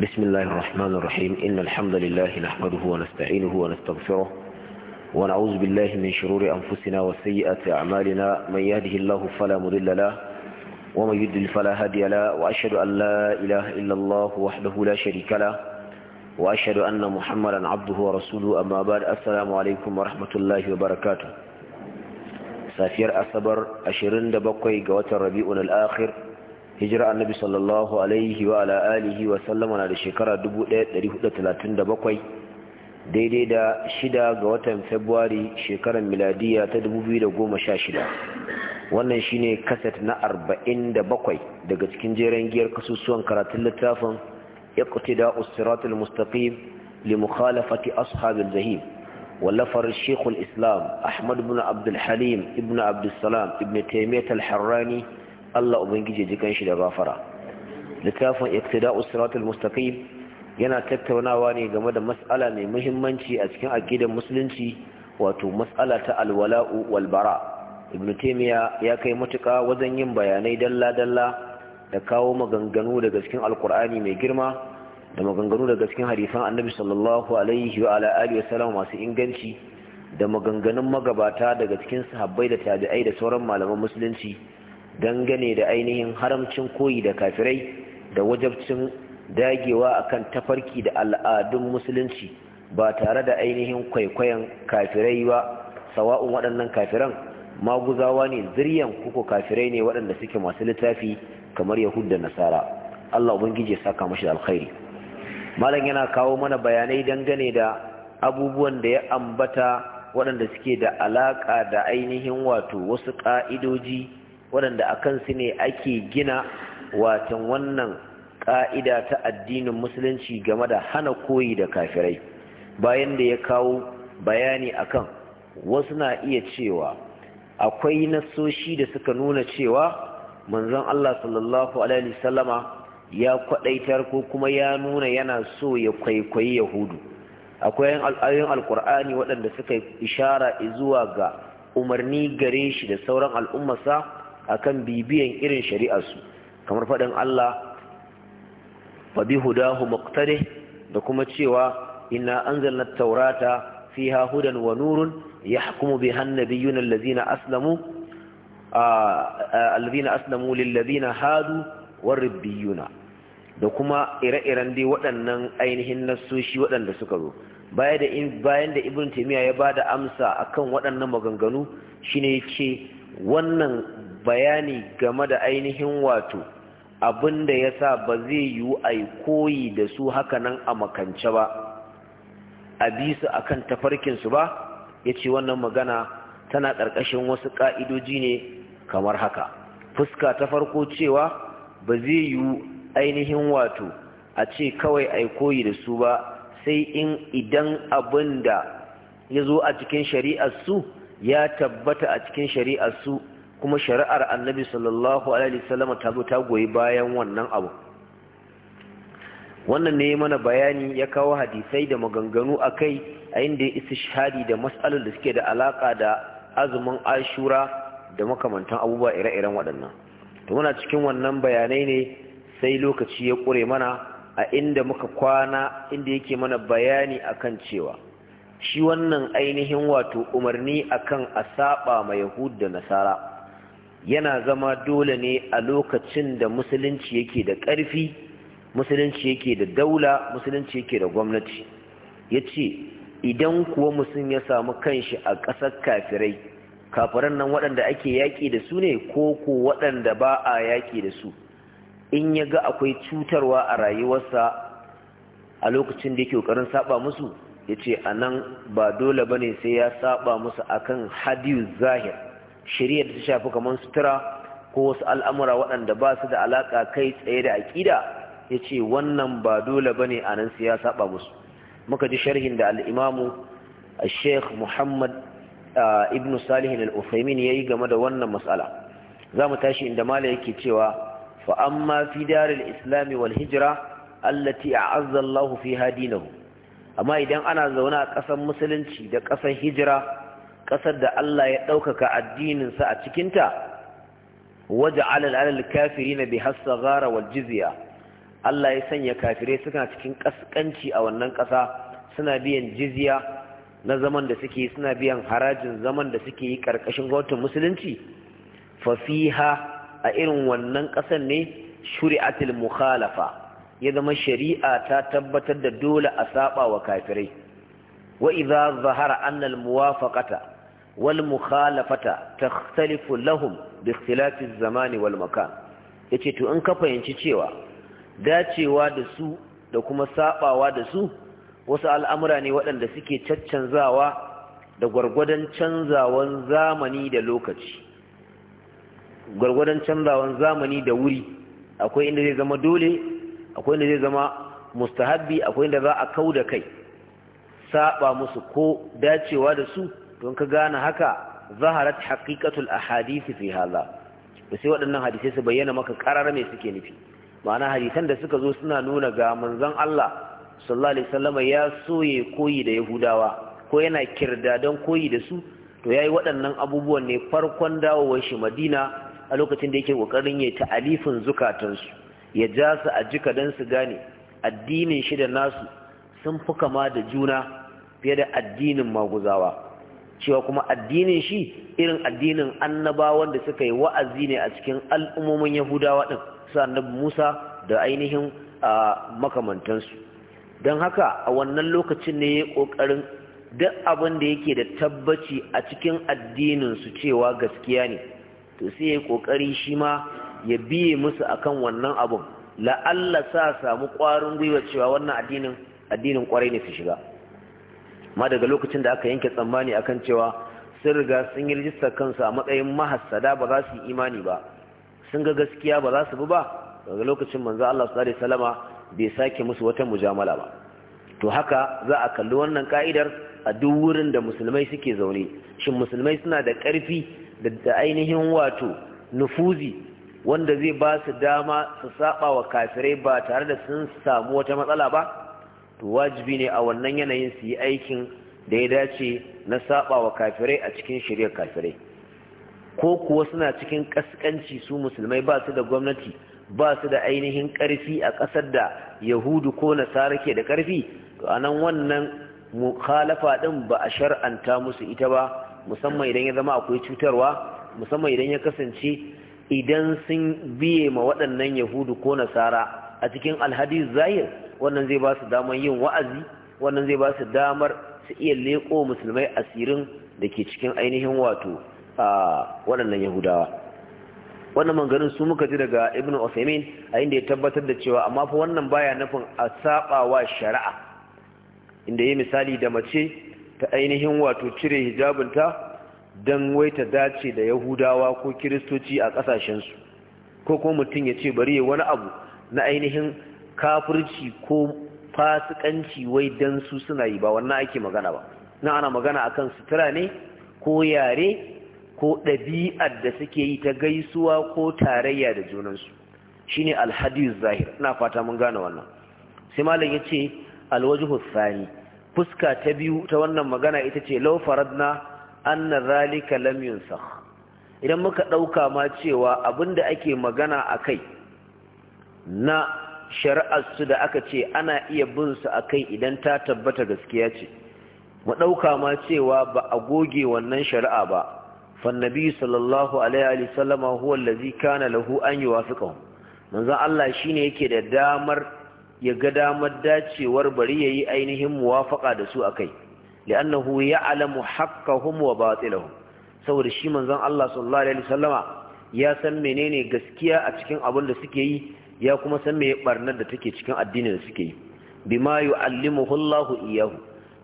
بسم الله الرحمن الرحيم إن الحمد لله نحمده ونستعينه ونستغفره ونعوذ بالله من شرور أنفسنا وسيئات أعمالنا من يهده الله فلا مضل له ومن يضلل فلا هادي له وأشهد أن لا إله إلا الله وحده لا شريك له وأشهد أن محمدا عبده ورسوله أما بعد السلام عليكم ورحمة الله وبركاته سافير أصبر أشرين دبقي قوة ربيعنا الآخر hijira annabi sallallahu alaihi wa ala alihi wa sallama na da shekara 1437 daidai da shida ga watan february shekarar miladiya ta 2016 wannan shine kaset na 47 daga cikin jeren giyar kasusuwan karatun littafin iqtida usratul mustaqim li mukhalafati ashabil zahim wallafar shekul islam ahmad ibn abdul halim ibn abdul salam ibn taymiyyah al-harrani Allah ubangiji ji kanshi da gafara littafin iktida'us siratul mustaqim yana tattaunawa ne game da mas'ala mai muhimmanci a cikin aqidar musulunci wato mas'ala ta alwala'u wal bara ibn taymiya ya kai matuƙa wajen yin bayanai dalla dalla da kawo maganganu daga cikin alqur'ani mai girma da maganganu daga cikin hadisan annabi sallallahu alaihi wa ala alihi wasallam masu inganci da maganganun magabata daga cikin sahabbai da tabi'ai da sauran malaman musulunci dangane da ainihin haramcin koyi da kafirai da wajabcin dagewa a kan tafarki da al'adun musulunci ba tare da ainihin kwaikwayon kafirai ba sawa'un waɗannan kafiran maguzawa ne ziryan kuku kafirai ne waɗanda suke masu littafi kamar yahud da nasara allah ubangiji ya saka mashi alkhairi malam yana kawo mana bayanai dangane da abubuwan da ya ambata waɗanda suke da alaƙa da ainihin wato wasu ƙa'idoji waɗanda a kansu ne ake gina watan wannan ƙa'ida ta addinin musulunci game da hana koyi da kafirai bayan da ya kawo bayani akan wasu na iya cewa akwai nasoshi da suka nuna cewa manzon Allah sallallahu alaihi Wasallama ya kwaɗaitar ko kuma ya nuna yana so ya kwaikwayi yahudu akwai al'ayoyin alkur'ani waɗanda suka ishara zuwa ga umarni gare shi da sauran al'ummarsa akan bibiyan irin shari'arsu kamar faɗin Allah faɗi hudahu muqtadih da kuma cewa inna anzalna taurata fiha hudan wa nurun yahkumu biha an-nabiyyuna allazina aslamu allazina aslamu lillazina hadu warribbiyuna da kuma ire-iren dai waɗannan ainihin nasoshi waɗanda suka zo baya da bayan da ibn taymiya ya bada amsa akan waɗannan maganganu shine yace wannan bayani game da ainihin wato abin da ya sa ba zai yiwu a koyi da su hakanan a makance ba a bi su a kan tafarkinsu ba ya ce wannan magana tana ƙarƙashin wasu ƙa'idoji ne kamar haka fuska ta farko cewa ba zai yiwu ainihin wato a ce kawai a koyi da su ba sai in idan abin da ya zo a cikin shari'ar su ya tabbata a cikin shari'ar su kuma shari'ar annabi sallallahu alaihi wasallam ta zo ta goyi bayan wannan abu wannan ne mana bayani ya kawo hadisai da maganganu akai a inda ya istishhadi da mas'alar da suke da alaka da azumin ashura da makamantan abubuwa ire-iren waɗannan to muna cikin wannan bayanai ne sai lokaci ya ƙure mana a inda muka kwana inda yake mana bayani akan cewa shi wannan ainihin wato umarni akan a saba ma yahud da nasara yana zama dole ne a lokacin da musulunci yake da ƙarfi musulunci yake da daula musulunci yake da gwamnati ya ce idan kuwa musulun ya samu kanshi a ƙasar kafirai kafiran nan waɗanda ake yaƙi da su ne ko ko waɗanda ba a yaƙi da su in ya ga akwai cutarwa a rayuwarsa a lokacin da yake ƙoƙarin saɓa musu ya ce a nan ba dole ba ne sai ya saɓa musu akan hadiyu zahir shari'a da ta shafi kamar sutura ko wasu al'amura waɗanda ba su da alaƙa kai tsaye da aƙida ya ce wannan ba dole ba ne a nan su ya saba musu muka ji sharhin da al'imamu a sheikh muhammad ibn salihin al'ufaimin ya yi game da wannan matsala za mu tashi inda mala yake cewa fa'amma fi daril islami wal hijira allati a azzallahu fi hadinahu amma idan ana zaune a ƙasar musulunci da ƙasar hijira ƙasar da Allah ya ɗaukaka addininsa a cikinta waje alal kafiri na bi gara wal jizya Allah ya sanya kafirai suna cikin ƙasƙanci a wannan ƙasa suna biyan jizya na zaman da suke suna biyan harajin zaman da suke yi ƙarƙashin gwamnatin musulunci fafiha a irin wannan ƙasar ne shuri'atul mukhalafa ya zama shari'a ta tabbatar da dole a saba wa kafirai wa idza zahara anna al muwafaqata wal mukhalafata takhtalifu lahum bi ikhtilafi zamani wal makan yace to in ka fahimci cewa dacewa da su da kuma sabawa da su wasu al'amura ne waɗanda suke caccanzawa da gurgurdan canzawan zamani da lokaci gwargwadon canzawan zamani da wuri akwai inda zai zama dole akwai inda zai zama mustahabbi akwai inda za a kauda kai saba musu ko dacewa da su don ka gane haka zaharat haqiqatul ahadisi fi hadha to sai waɗannan hadisai su bayyana maka karar me suke nufi ma'ana hadisan da suka zo suna nuna ga manzon Allah sallallahu alaihi wasallam ya soye koyi da Yahudawa ko yana kirda don koyi da su to yayi waɗannan abubuwan ne farkon dawowar shi Madina a lokacin da yake kokarin ya ta'alifin zukatansu ya ja su a jika don su gane addinin shi da nasu sun fi kama da juna fiye da addinin maguzawa cewa kuma addinin shi irin addinin annabawan da suka yi wa'azi ne a cikin al'ummomin yahudawa ɗin su annabi musa da ainihin makamantansu don haka a wannan lokacin ne ya yi ƙoƙarin duk abin da yake da tabbaci a cikin addininsu cewa gaskiya ne to sai ya ƙoƙari shi ma ya biye musu akan wannan abin la'alla sa samu ƙwarin gwiwa cewa wannan addinin addinin ƙwarai ne su shiga ma daga lokacin da aka yanke tsammani akan cewa sun riga sun yi rijistar kansu a matsayin mahassada ba za su yi imani ba sun ga gaskiya ba za su bi ba daga lokacin manzo Allah sallallahu alaihi wasallama bai sake musu wata mujamala ba to haka za a kalli wannan ka'idar a duk wurin da musulmai suke zaune shin musulmai suna da ƙarfi da ainihin wato nufuzi wanda zai ba su dama su saba wa kafirai ba tare da sun samu wata matsala ba to wajibi ne a wannan yanayin su yi aikin da ya dace na saba wa kafirai a cikin shirya kafirai ko kuwa suna cikin kaskanci su musulmai ba su da gwamnati ba su da ainihin ƙarfi a ƙasar da yahudu ko nasara ke da karfi to a nan wannan mukhalafa din ba a shar'anta musu ita ba musamman idan ya zama akwai cutarwa musamman idan ya kasance idan sun biye ma waɗannan yahudu ko nasara a cikin alhadi zahir wannan zai ba su damar yin wa'azi wannan zai ba su damar su iya leƙo musulmai asirin da ke cikin ainihin wato a waɗannan yahudawa wannan manganin su muka ji daga ibn usaimin a inda ya tabbatar da cewa amma fa wannan baya nufin a saɓawa shari'a inda ya misali da mace ta ainihin wato cire hijabinta don wai ta dace da yahudawa ko kiristoci a ƙasashensu ko kuma mutum ya ce bari ya wani abu na ainihin kafirci ko fasikanci wai dan su suna yi ba wannan ake magana ba na ana magana akan sutura ne ko yare ko ɗabi'ar da suke yi ta gaisuwa ko tarayya da junansu shine alhadis zahir ina fata mun gane wannan sai malam yace alwajhu thani fuska ta biyu ta wannan magana ita ce law faradna anna zalika lam idan muka dauka ma cewa abinda ake magana akai na su da aka ce ana iya bin su a kai idan ta tabbata gaskiya ce mu ɗauka ma cewa ba a goge wannan shari'a ba fannabi sallallahu alaihi wa sallama huwa allazi kana lahu an yuwafiqahu manzon Allah shine yake da damar ya ga damar dacewar bari yayi ainihin muwafaqa da su akai li'annahu ya'lamu haqqahum wa batilahum saboda shi manzo Allah sallallahu alaihi wa sallama ya san menene gaskiya a cikin abin da suke yi ya kuma san me barnar da take cikin addinin da suke yi bima yu'allimuhu Allah iyyahu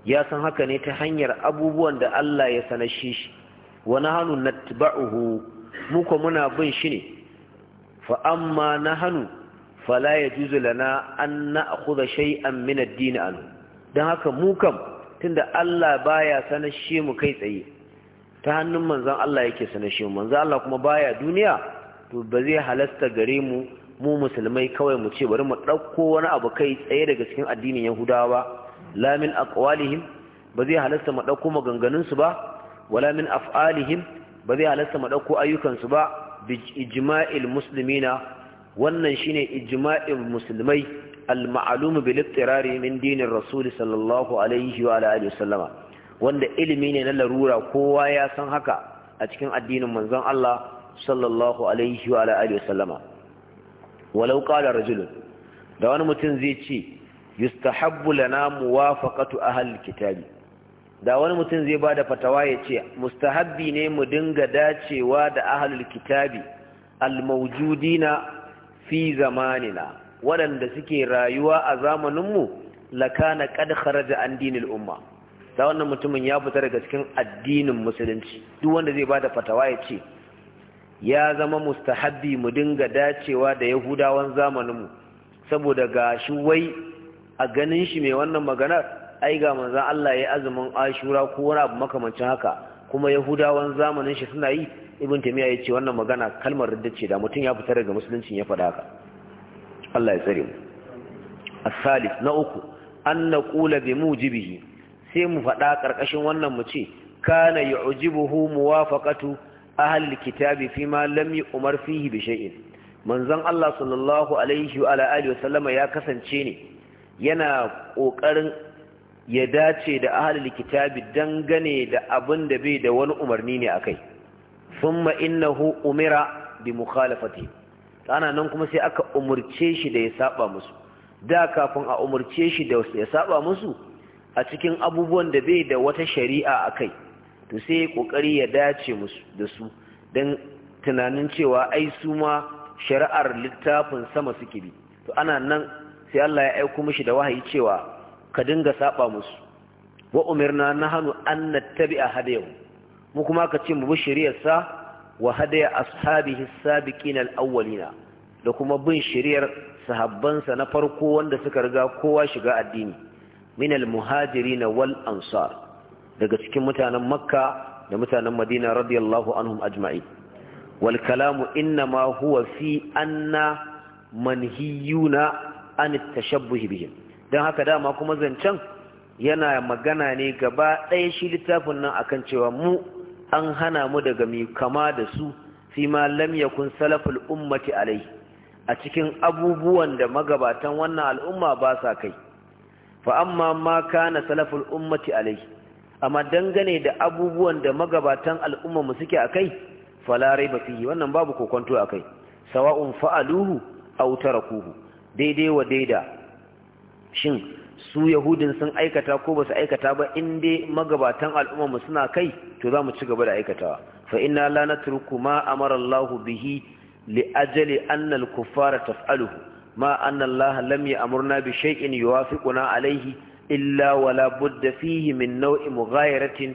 ya san haka ne ta hanyar abubuwan da Allah ya sanar shi wa nahnu natba'uhu mu ko muna bin shi ne fa amma nahnu fala yajuzu lana an na'khudha shay'an min ad-din an dan haka mu kam tunda Allah baya sanar shi mu kai tsaye ta hannun manzon Allah yake sanar shi mu manzon Allah kuma baya duniya to ba zai halasta gare mu mu musulmai kawai mu ce bari mu ɗauko wani abu kai tsaye daga cikin addinin yahudawa la min aqwalihim ba zai halasta mu ɗauko maganganunsu ba wala min af'alihim ba zai halasta mu ɗauko ayyukansu ba bi ijma'il muslimina wannan shine ijma'il musulmai al-ma'lum bil ittirari min dinin rasul sallallahu alaihi wa alihi wasallama wanda ilimi ne na larura kowa ya san haka a cikin addinin manzon Allah sallallahu alaihi wa alihi wasallama walau qala rajulun da wani mutum zai ce yustahabbu lana muwafaqatu ahli kitabi da wani mutum zai bada fatawa ya ce mustahabbi ne mu dinga dacewa da ahlul kitabi almawjudina fi zamanina waɗanda suke rayuwa a zamaninmu lakana qad kharaja an dinil umma da wannan mutumin ya fita daga cikin addinin musulunci duk wanda zai bada fatawa ya ce ya zama mustahabbi mu dinga dacewa da yahudawan zamaninmu saboda ga shi wai a ganin shi mai wannan maganar ai ga manzan Allah ya azumin ashura ko wani abu makamancin haka kuma yahudawan zamanin shi suna yi ibn tamiya ya ce wannan magana kalmar ridda ce da mutum ya fitar daga musuluncin ya faɗa haka Allah ya tsare mu as na uku an naqula bi mujibihi sai mu faɗa karkashin wannan mu ce kana yu'jibuhu muwafaqatu ahlul kitabi fi ma lam yu'mar fihi bi shay'in manzon Allah sallallahu alaihi wa alihi wa sallama ya kasance ne yana kokarin ya dace da ahlul kitabi dangane da abin da bai da wani umarni ne akai thumma innahu umira bi mukhalafati Kana nan kuma sai aka umurce shi da ya saba musu da kafin a umurce shi da ya saba musu a cikin abubuwan da bai da wata shari'a akai to sai kokari ya dace musu da su don tunanin cewa ai su ma shari'ar littafin sama suke bi to ana nan sai Allah ya aiko mishi da wahayi cewa ka dinga saba musu wa umirna nahnu an nattabi'a hadayahu mu kuma ka ce mu bi shari'arsa wa hadaya ashabihi as-sabiqin al-awwalina da kuma bin shari'ar sahabbansa na farko wanda suka riga kowa shiga addini minal al-muhajirin wal ansar daga cikin mutanen makka da mutanen madina radiyallahu anhum ajma'i wal kalamu innama huwa fi anna manhiyuna an tashabbuhi bihim dan haka dama kuma zancen yana magana ne gaba ɗaya shi littafin nan akan cewa mu an hana mu daga mi kama da su fi ma lam yakun salaful ummati alai a cikin abubuwan da magabatan wannan al'umma ba sa kai fa amma ma kana salaful ummati alai amma dangane da abubuwan da magabatan al'umma mu suke akai fala raiba fihi wannan babu kokonto akai sawa'un fa'aluhu aw tarakuhu daidai wa daida shin su yahudin sun aikata ko ba su aikata ba in dai magabatan al'umma mu suna kai to za mu ci gaba da aikatawa fa inna la natruku ma amara Allahu bihi li ajali anna al-kuffara taf'aluhu ma anna Allah lam ya'murna bi shay'in yuwafiquna alaihi. illa wala budda fihi min nau'i mughayaratin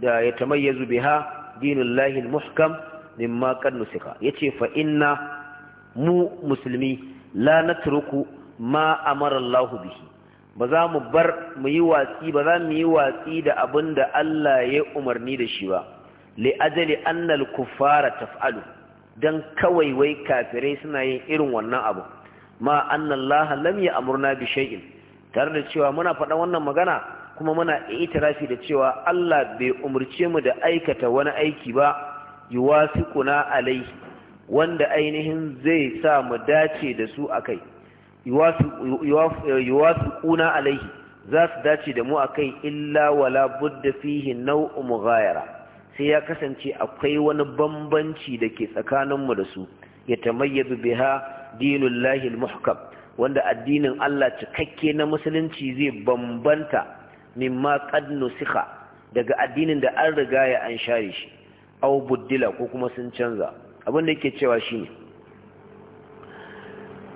yatamayyazu biha dinullahi al-muhkam mimma qad nusika yace fa inna mu musulmi la natruku ma amara Allah bihi ba za mu bar mu watsi ba za mu yi watsi da abin da Allah ya umarni da shi ba li ajali annal kuffara taf'alu dan kawai wai kafirai suna yin irin wannan abu ma anna Allah lam ya murna bi shay'in tare da cewa muna faɗa wannan magana kuma muna itirafi da cewa Allah bai umurce mu da aikata wani aiki ba yuwasiquna alaihi wanda ainihin zai sa mu dace da su akai yuwasiquna alaihi za su dace da mu akai illa wala budda fihi naw'u mughayara sai ya kasance akwai wani bambanci da ke tsakaninmu da su ya tamayyazu biha dinullahi al wanda addinin Allah cikakke na musulunci zai bambanta mimma qad nusikha daga addinin da an riga ya an share shi aw buddila ko kuma sun canza abin da yake cewa shine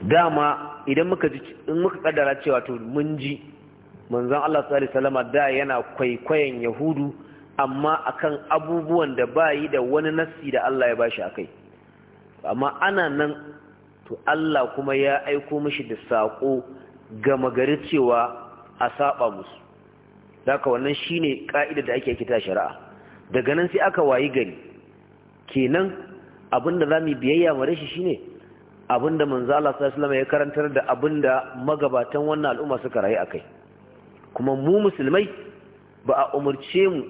dama idan muka ji in muka kaddara cewa to mun ji manzon Allah sallallahu alaihi wasallam da yana kwaikwayon yahudu amma akan abubuwan da bayi da wani nassi da Allah ya bashi akai amma ana nan to Allah kuma ya aiko mashi da saƙo gama gari cewa a saba musu daga wannan shine ƙa'ida da ake kita shari'a daga nan sai aka wayi gari kenan abinda zamu biyayya mara shi shine abinda manzo Allah sallallahu alaihi ya karantar da abinda magabatan wannan al'umma suka rayu kai. kuma mu musulmai ba a umurce mu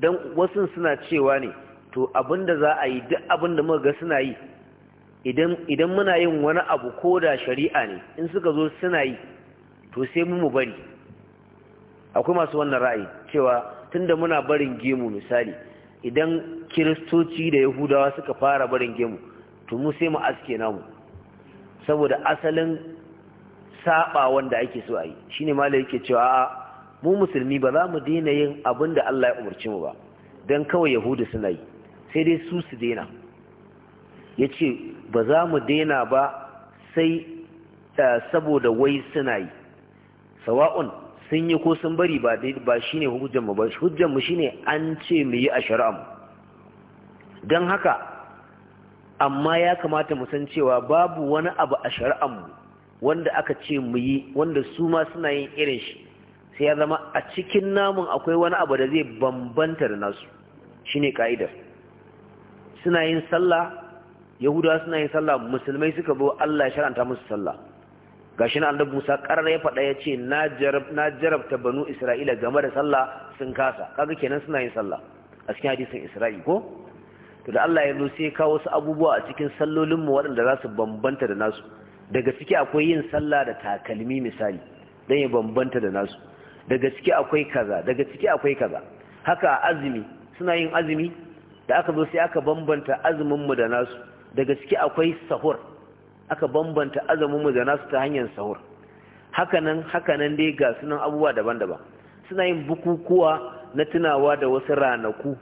dan wasu suna cewa ne to abinda za a yi duk abinda muka ga suna yi idan muna yin wani abu ko da shari'a ne in suka zo suna yi to sai mu mu bari akwai masu wannan ra'ayi cewa tunda muna barin gemu misali idan kiristoci da yahudawa suka fara barin gemu to mu sai mu aske namu saboda asalin saba wanda ake so a yi shine malai yake cewa a mu musulmi ba za mu daina yin abin da Allah ya umarci mu ba don kawai yahudu suna yi sai dai su su daina ya ce ba za mu daina ba sai eh, saboda wai suna yi sawa'un sun yi ko sun bari ba ba shine hujjanmu ba hujjanmu shine an ce mu yi a shari'amu don haka amma ya kamata mu san cewa babu wani abu a shari'anmu wanda aka ce mu yi wanda su ma suna yin irin shi sai ya zama a cikin namun akwai wani abu da zai bambanta da nasu shine ka'idar suna yin sallah yahudawa suna yin sallah musulmai suka bo Allah ya shar'anta musu sallah gashi na annabi Musa karra ya faɗa ya ce na jarab na jarabta banu Isra'ila game da sallah sun kasa kaga kenan suna yin sallah a cikin hadisin Isra'i ko to da Allah ya zo sai kawo wasu abubuwa a cikin sallolin mu waɗanda za su bambanta da nasu daga ciki akwai yin sallah da takalmi misali dan ya bambanta da nasu daga ciki akwai kaza daga ciki akwai kaza haka azumi suna yin azumi da aka zo sai aka bambanta azumin mu da nasu da gaske akwai sahur aka bambanta azumin mu da nasu ta hanyar sahur hakanan hakanan dai ga sunan abubuwa daban-daban suna yin bukukuwa na tunawa da wasu ranaku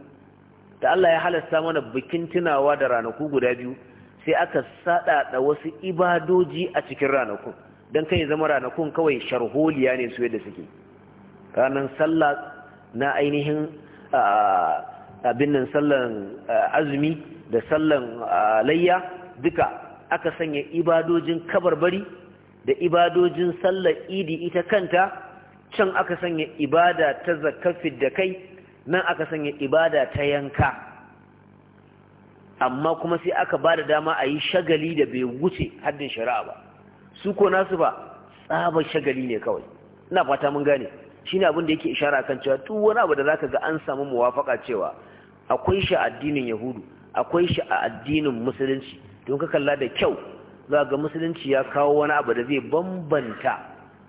da Allah ya halasta mana bikin tunawa da ranaku guda biyu sai aka saɗaɗa wasu ibadoji a cikin ranaku, don kai zama ranakun kawai sharholiya ne su yadda suke ranar sallah na ainihin ah, abin nan sallan eh, azumi da sallan eh, layya duka aka sanya ibadojin kabarbari da ibadojin sallar idi ita kanta can aka sanya ibada ta zakafi da kai nan aka sanya ibada ta yanka amma kuma sai aka ba da dama a yi shagali da bai wuce haddin shari'a ba su ko nasu ba tsabar shagali ne kawai ina fata mun gane shine abin da yake ishara kan cewa duk na abu da ka ga an samu muwafaka cewa akwai shi a addinin yahudu akwai shi a addinin musulunci don ka kalla da kyau za ga musulunci ya kawo wani abu da zai bambanta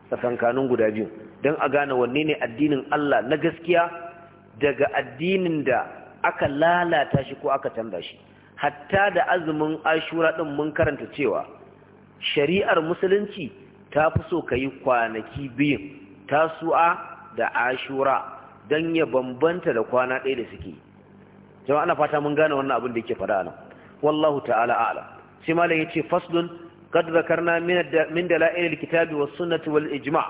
tsakankanin guda biyu don a gane wanne ne addinin Allah na gaskiya daga addinin da aka lalata shi ko aka canza shi hatta da azumin ashura din mun karanta cewa shari'ar musulunci ta fi so ka yi kwanaki biyun tasu'a da ashura don ya bambanta da kwana ɗaya da suke jama'a ana fata mun gane wannan abin da yake faɗa nan wallahu ta'ala a'lam sai malam yace faslun qad zakarna min min dalail alkitabi was sunnati wal ijma'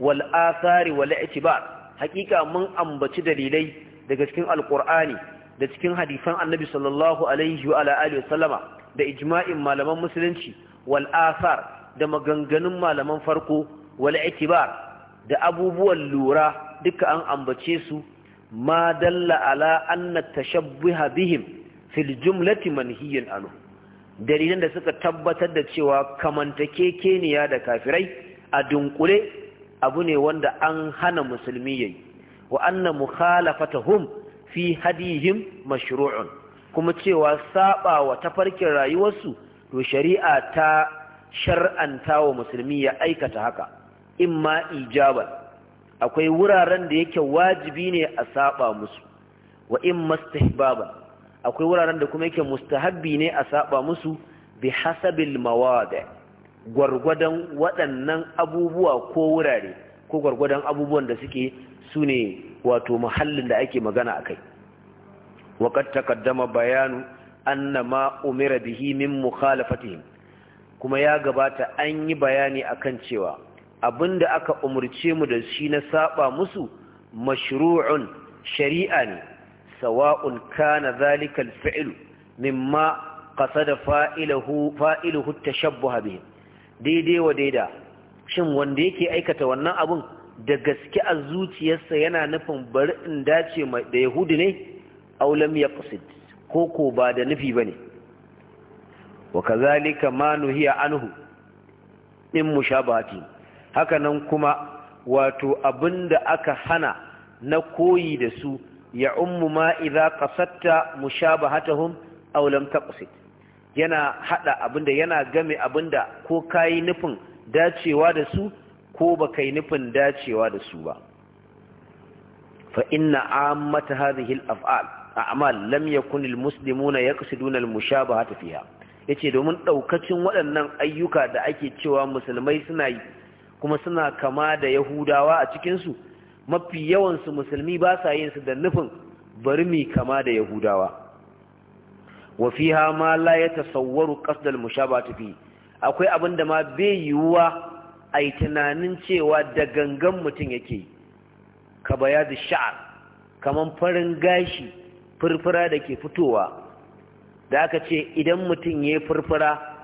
wal athari wal i'tibar hakika mun ambaci dalilai daga cikin alqur'ani da cikin hadisan annabi sallallahu alaihi wa alihi wasallama da ijma'in malaman musulunci wal athar da maganganun malaman farko wal i'tibar da abubuwan lura duka an ambace su ma dalla ala anna tashabbuha bihim fil jumlati ano. dalilan da suka tabbatar da cewa kamantakekeniya da kafirai a dunkule abu ne wanda an hana musulmi yayi wa anna hum fi hadihim mashru'un kuma cewa saba wa tafarkin rayuwarsu to shari'a ta shar'anta wa musulmi ya aikata haka imma ijaban akwai wuraren da yake wajibi ne a saba musu wa in mastahbaba akwai wuraren da kuma yake mustahabbi ne a saba musu bi hasabil mawadi gwargwadon waɗannan abubuwa ko wurare ko gwargwadon abubuwan da suke sune wato muhallin da ake magana a kai waƙar takaddama bayanu anna ma umira bihi min mukhalafatihim kuma ya gabata an yi bayani akan cewa abinda aka umurce mu da shi na saba musu mashru'un shari'a ne sawa'un kana zalikal al-fi'lu mimma qasada fa'iluhu fa'iluhu tashabbuha bihi daidai wa daida shin wanda yake aikata wannan abun da gaske a zuciyarsa yana nufin bari in dace da yahudi ne aw lam yaqsid ko ko ba da nufi bane ne wa kazalika ma nuhiya anhu in mushabahati hakanan kuma wato abinda aka hana na koyi da su ya ummu ma idza qasatta mushabahatahum aw lam taqsid yana hada abinda yana game abinda ko kai nufin dacewa da su ko ba kai nufin dacewa da su ba fa inna ammata hadhihi al-af'al a'mal lam yakun al-muslimuna yaqsiduna al-mushabahata fiha yace domin daukacin waɗannan ayyuka da ake cewa musulmai suna yi kuma suna kama da yahudawa a cikinsu mafi yawansu musulmi ba sa yin su da nufin bari mi kama da yahudawa wa fiha ma la yatasawwaru qasdal mushabati fi akwai abin da ma bai yiwuwa ai tunanin cewa da gangan mutum yake ka da sha'ar kaman farin gashi furfura da ke fitowa da aka ce idan mutum ya furfura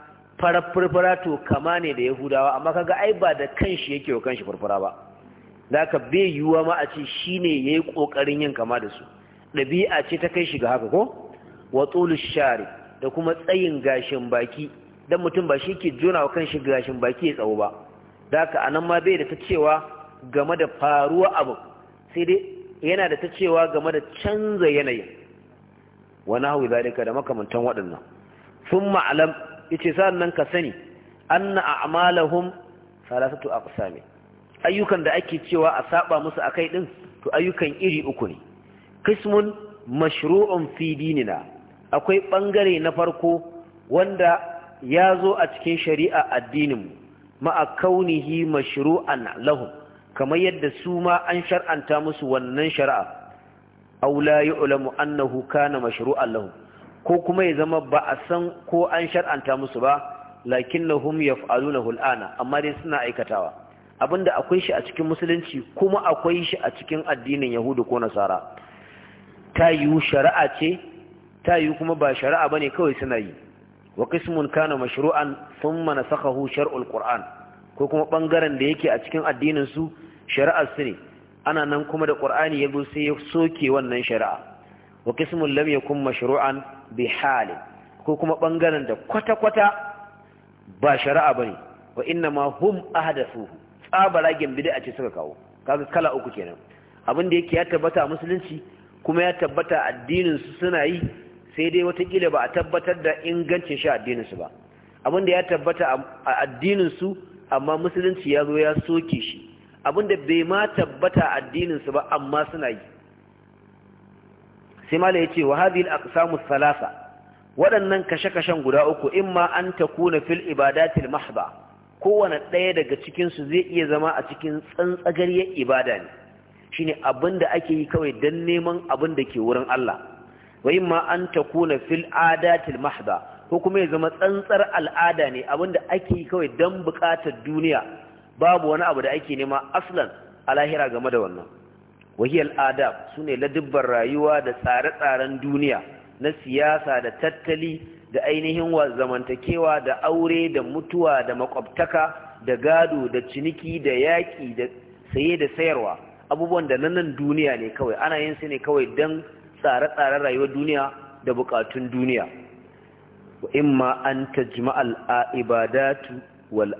farar furfura to kama ne da yahudawa amma kaga ai ba da kanshi yake wa kanshi furfura ba zaka bai yiwuwa ma a ce shine yayi kokarin yin kama da su dabi'a ce ta kai shi ga haka ko wa tulush shari da kuma tsayin gashin baki dan mutum ba shi ke jona wa kanshi gashin baki ya tsawo ba zaka anan ma bai da ta cewa game da faruwa abu sai dai yana da ta cewa game da canza yanayin wa nahwi zalika da makamantan waɗannan sun علم yace sannan ka sani anna a'maluhum salasatu aqsami ayyukan da ake cewa a saba musu akai din to ayyukan iri uku ne qismun mashru'un fi dinina akwai bangare na farko wanda ya zo a cikin shari'a addininmu ma akaunihi mashru'an lahum kamar yadda su ma an shar'anta musu wannan shari'a aw la yu'lamu annahu kana mashru'an lahum ko kuma ya zama ba a san ko an shar'anta musu ba na lakin lakinnahum yaf'alunahu hul'ana amma dai suna aikatawa abinda akwai shi a cikin musulunci kuma akwai shi a cikin addinin yahudu ko nasara ta yiwu shari'a ce ta yiwu kuma ba shari'a ba ne kawai suna yi wa kismun kana mashru'an saka hu shar'ul qur'an ko kuma ɓangaren da yake a cikin addinin su shari'ar su ne ana nan kuma da ƙur'ani ya zo sai ya soke wannan shari'a wa kismun lam yakun mashru'an bi halin ko kuma bangaren da kwata-kwata ba shari'a ba ne wa inna ma hum ahdathu tsabaragen a ce suka kawo kaga kala uku kenan abin da yake ya tabbata a musulunci kuma ya tabbata addinin su suna yi sai dai watakila ba a tabbatar da ingancin shi addinin su ba abin da ya tabbata a addinin su amma musulunci ya zo ya soke shi abin da bai ma tabbata addinin su ba amma suna yi sai ya ce wa hadhihi al-aqsamu thalatha waɗannan kashe-kashen guda uku imma an takuna fil ibadatil mahba kowane ɗaya daga cikin su zai iya zama a cikin tsantsagariyar ibada ne shine abinda ake yi kawai dan neman abin da ke wurin Allah wa imma an takuna fil adatil mahba ko kuma ya zama tsantsar al'ada ne abinda ake yi kawai dan buƙatar duniya babu wani abu da ake nema aslan a lahira game da wannan wahiyar adab su ne ladubbar rayuwa da tsare-tsaren duniya na siyasa da tattali da ainihin wa zamantakewa da aure da mutuwa da makwabtaka da gado da ciniki da yaƙi da saye da sayarwa abubuwan da nan duniya ne kawai ana yin su ne kawai don tsare-tsaren rayuwar duniya da bukatun duniya wa imma an a ibadatu wal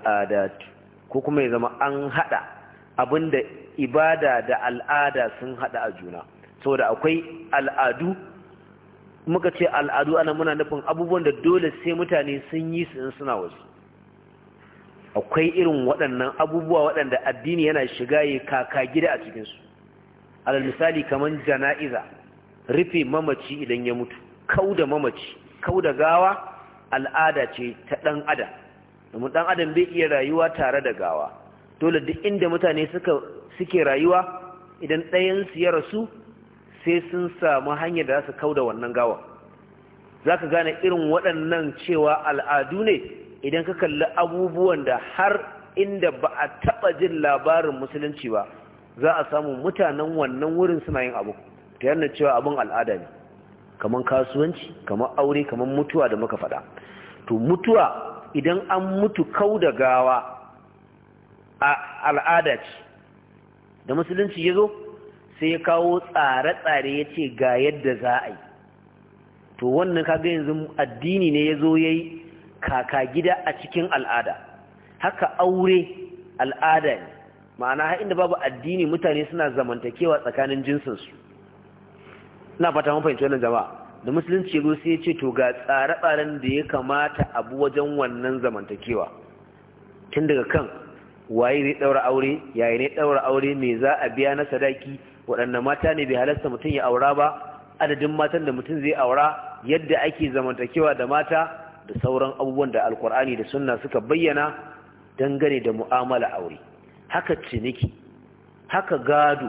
ko kuma ya zama an haɗa. da ibada da al'ada sun haɗa a juna saboda akwai al'adu muka ce al'adu ana muna nufin abubuwan da dole sai mutane sun yi su in suna wasu akwai irin waɗannan abubuwa waɗanda addini yana shiga ya kaka gida a cikinsu alal misali kamar jana'iza rufe mamaci idan ya mutu kau da mamaci kau da gawa al'ada ce ta ɗan adam domin ɗan adam bai iya rayuwa tare da gawa dole duk inda mutane suke rayuwa idan ɗayansu ya rasu sai sun samu hanyar da za su kau da wannan gawa za ka gane irin waɗannan cewa al'adu ne idan ka kalli abubuwan da har inda ba a taɓa jin labarin musulunci ba za a samu mutanen wannan wurin suna yin abu ta yana cewa abin al'ada ne kamar kasuwanci kamar aure kamar mutuwa da muka faɗa to mutuwa idan an mutu kau da gawa al'ada ce da musulunci ya zo sai ya kawo tsare-tsare ya ce ga yadda za a yi to wannan kaga yanzu addini ne ya zo ya yi kaka gida a cikin al'ada haka aure al'ada ne ma'ana har inda babu addini mutane suna zamantakewa tsakanin jinsinsu na fata mafahimci wannan jama'a da musulunci ya sai ya ce to ga tsare-tsaren da ya kamata abu wajen wannan zamantakewa tun daga kan waye zai daura aure yayi ne daura aure me za a biya na sadaki waɗanne mata ne bai halasta mutum ya aura ba adadin matan da mutum zai aura yadda ake zamantakewa da mata da sauran abubuwan da alkur'ani da sunna suka bayyana dangane da mu'amala aure haka ciniki haka gado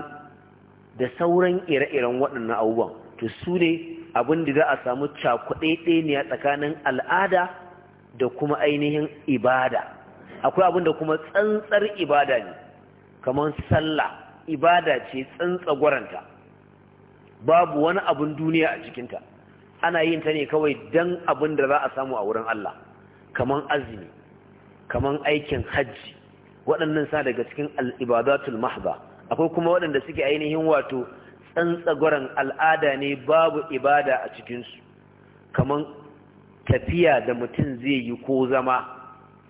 da sauran ire-iren waɗannan abubuwan to su ne abin da za a samu cakuɗe ɗaya tsakanin al'ada da kuma ainihin ibada akwai abin da kuma tsantsar ibada ne kamar sallah ibada ce tsantsagwaranta babu wani abun duniya a cikinta ana yin ta ne kawai dan abin da za a samu a wurin Allah kamar azumi kamar aikin hajji waɗannan sa daga cikin al'ibadatul mahba akwai kuma waɗanda suke ainihin wato tsantsagwaran al'ada ne babu ibada a cikinsu kamar tafiya da mutum zai yi ko zama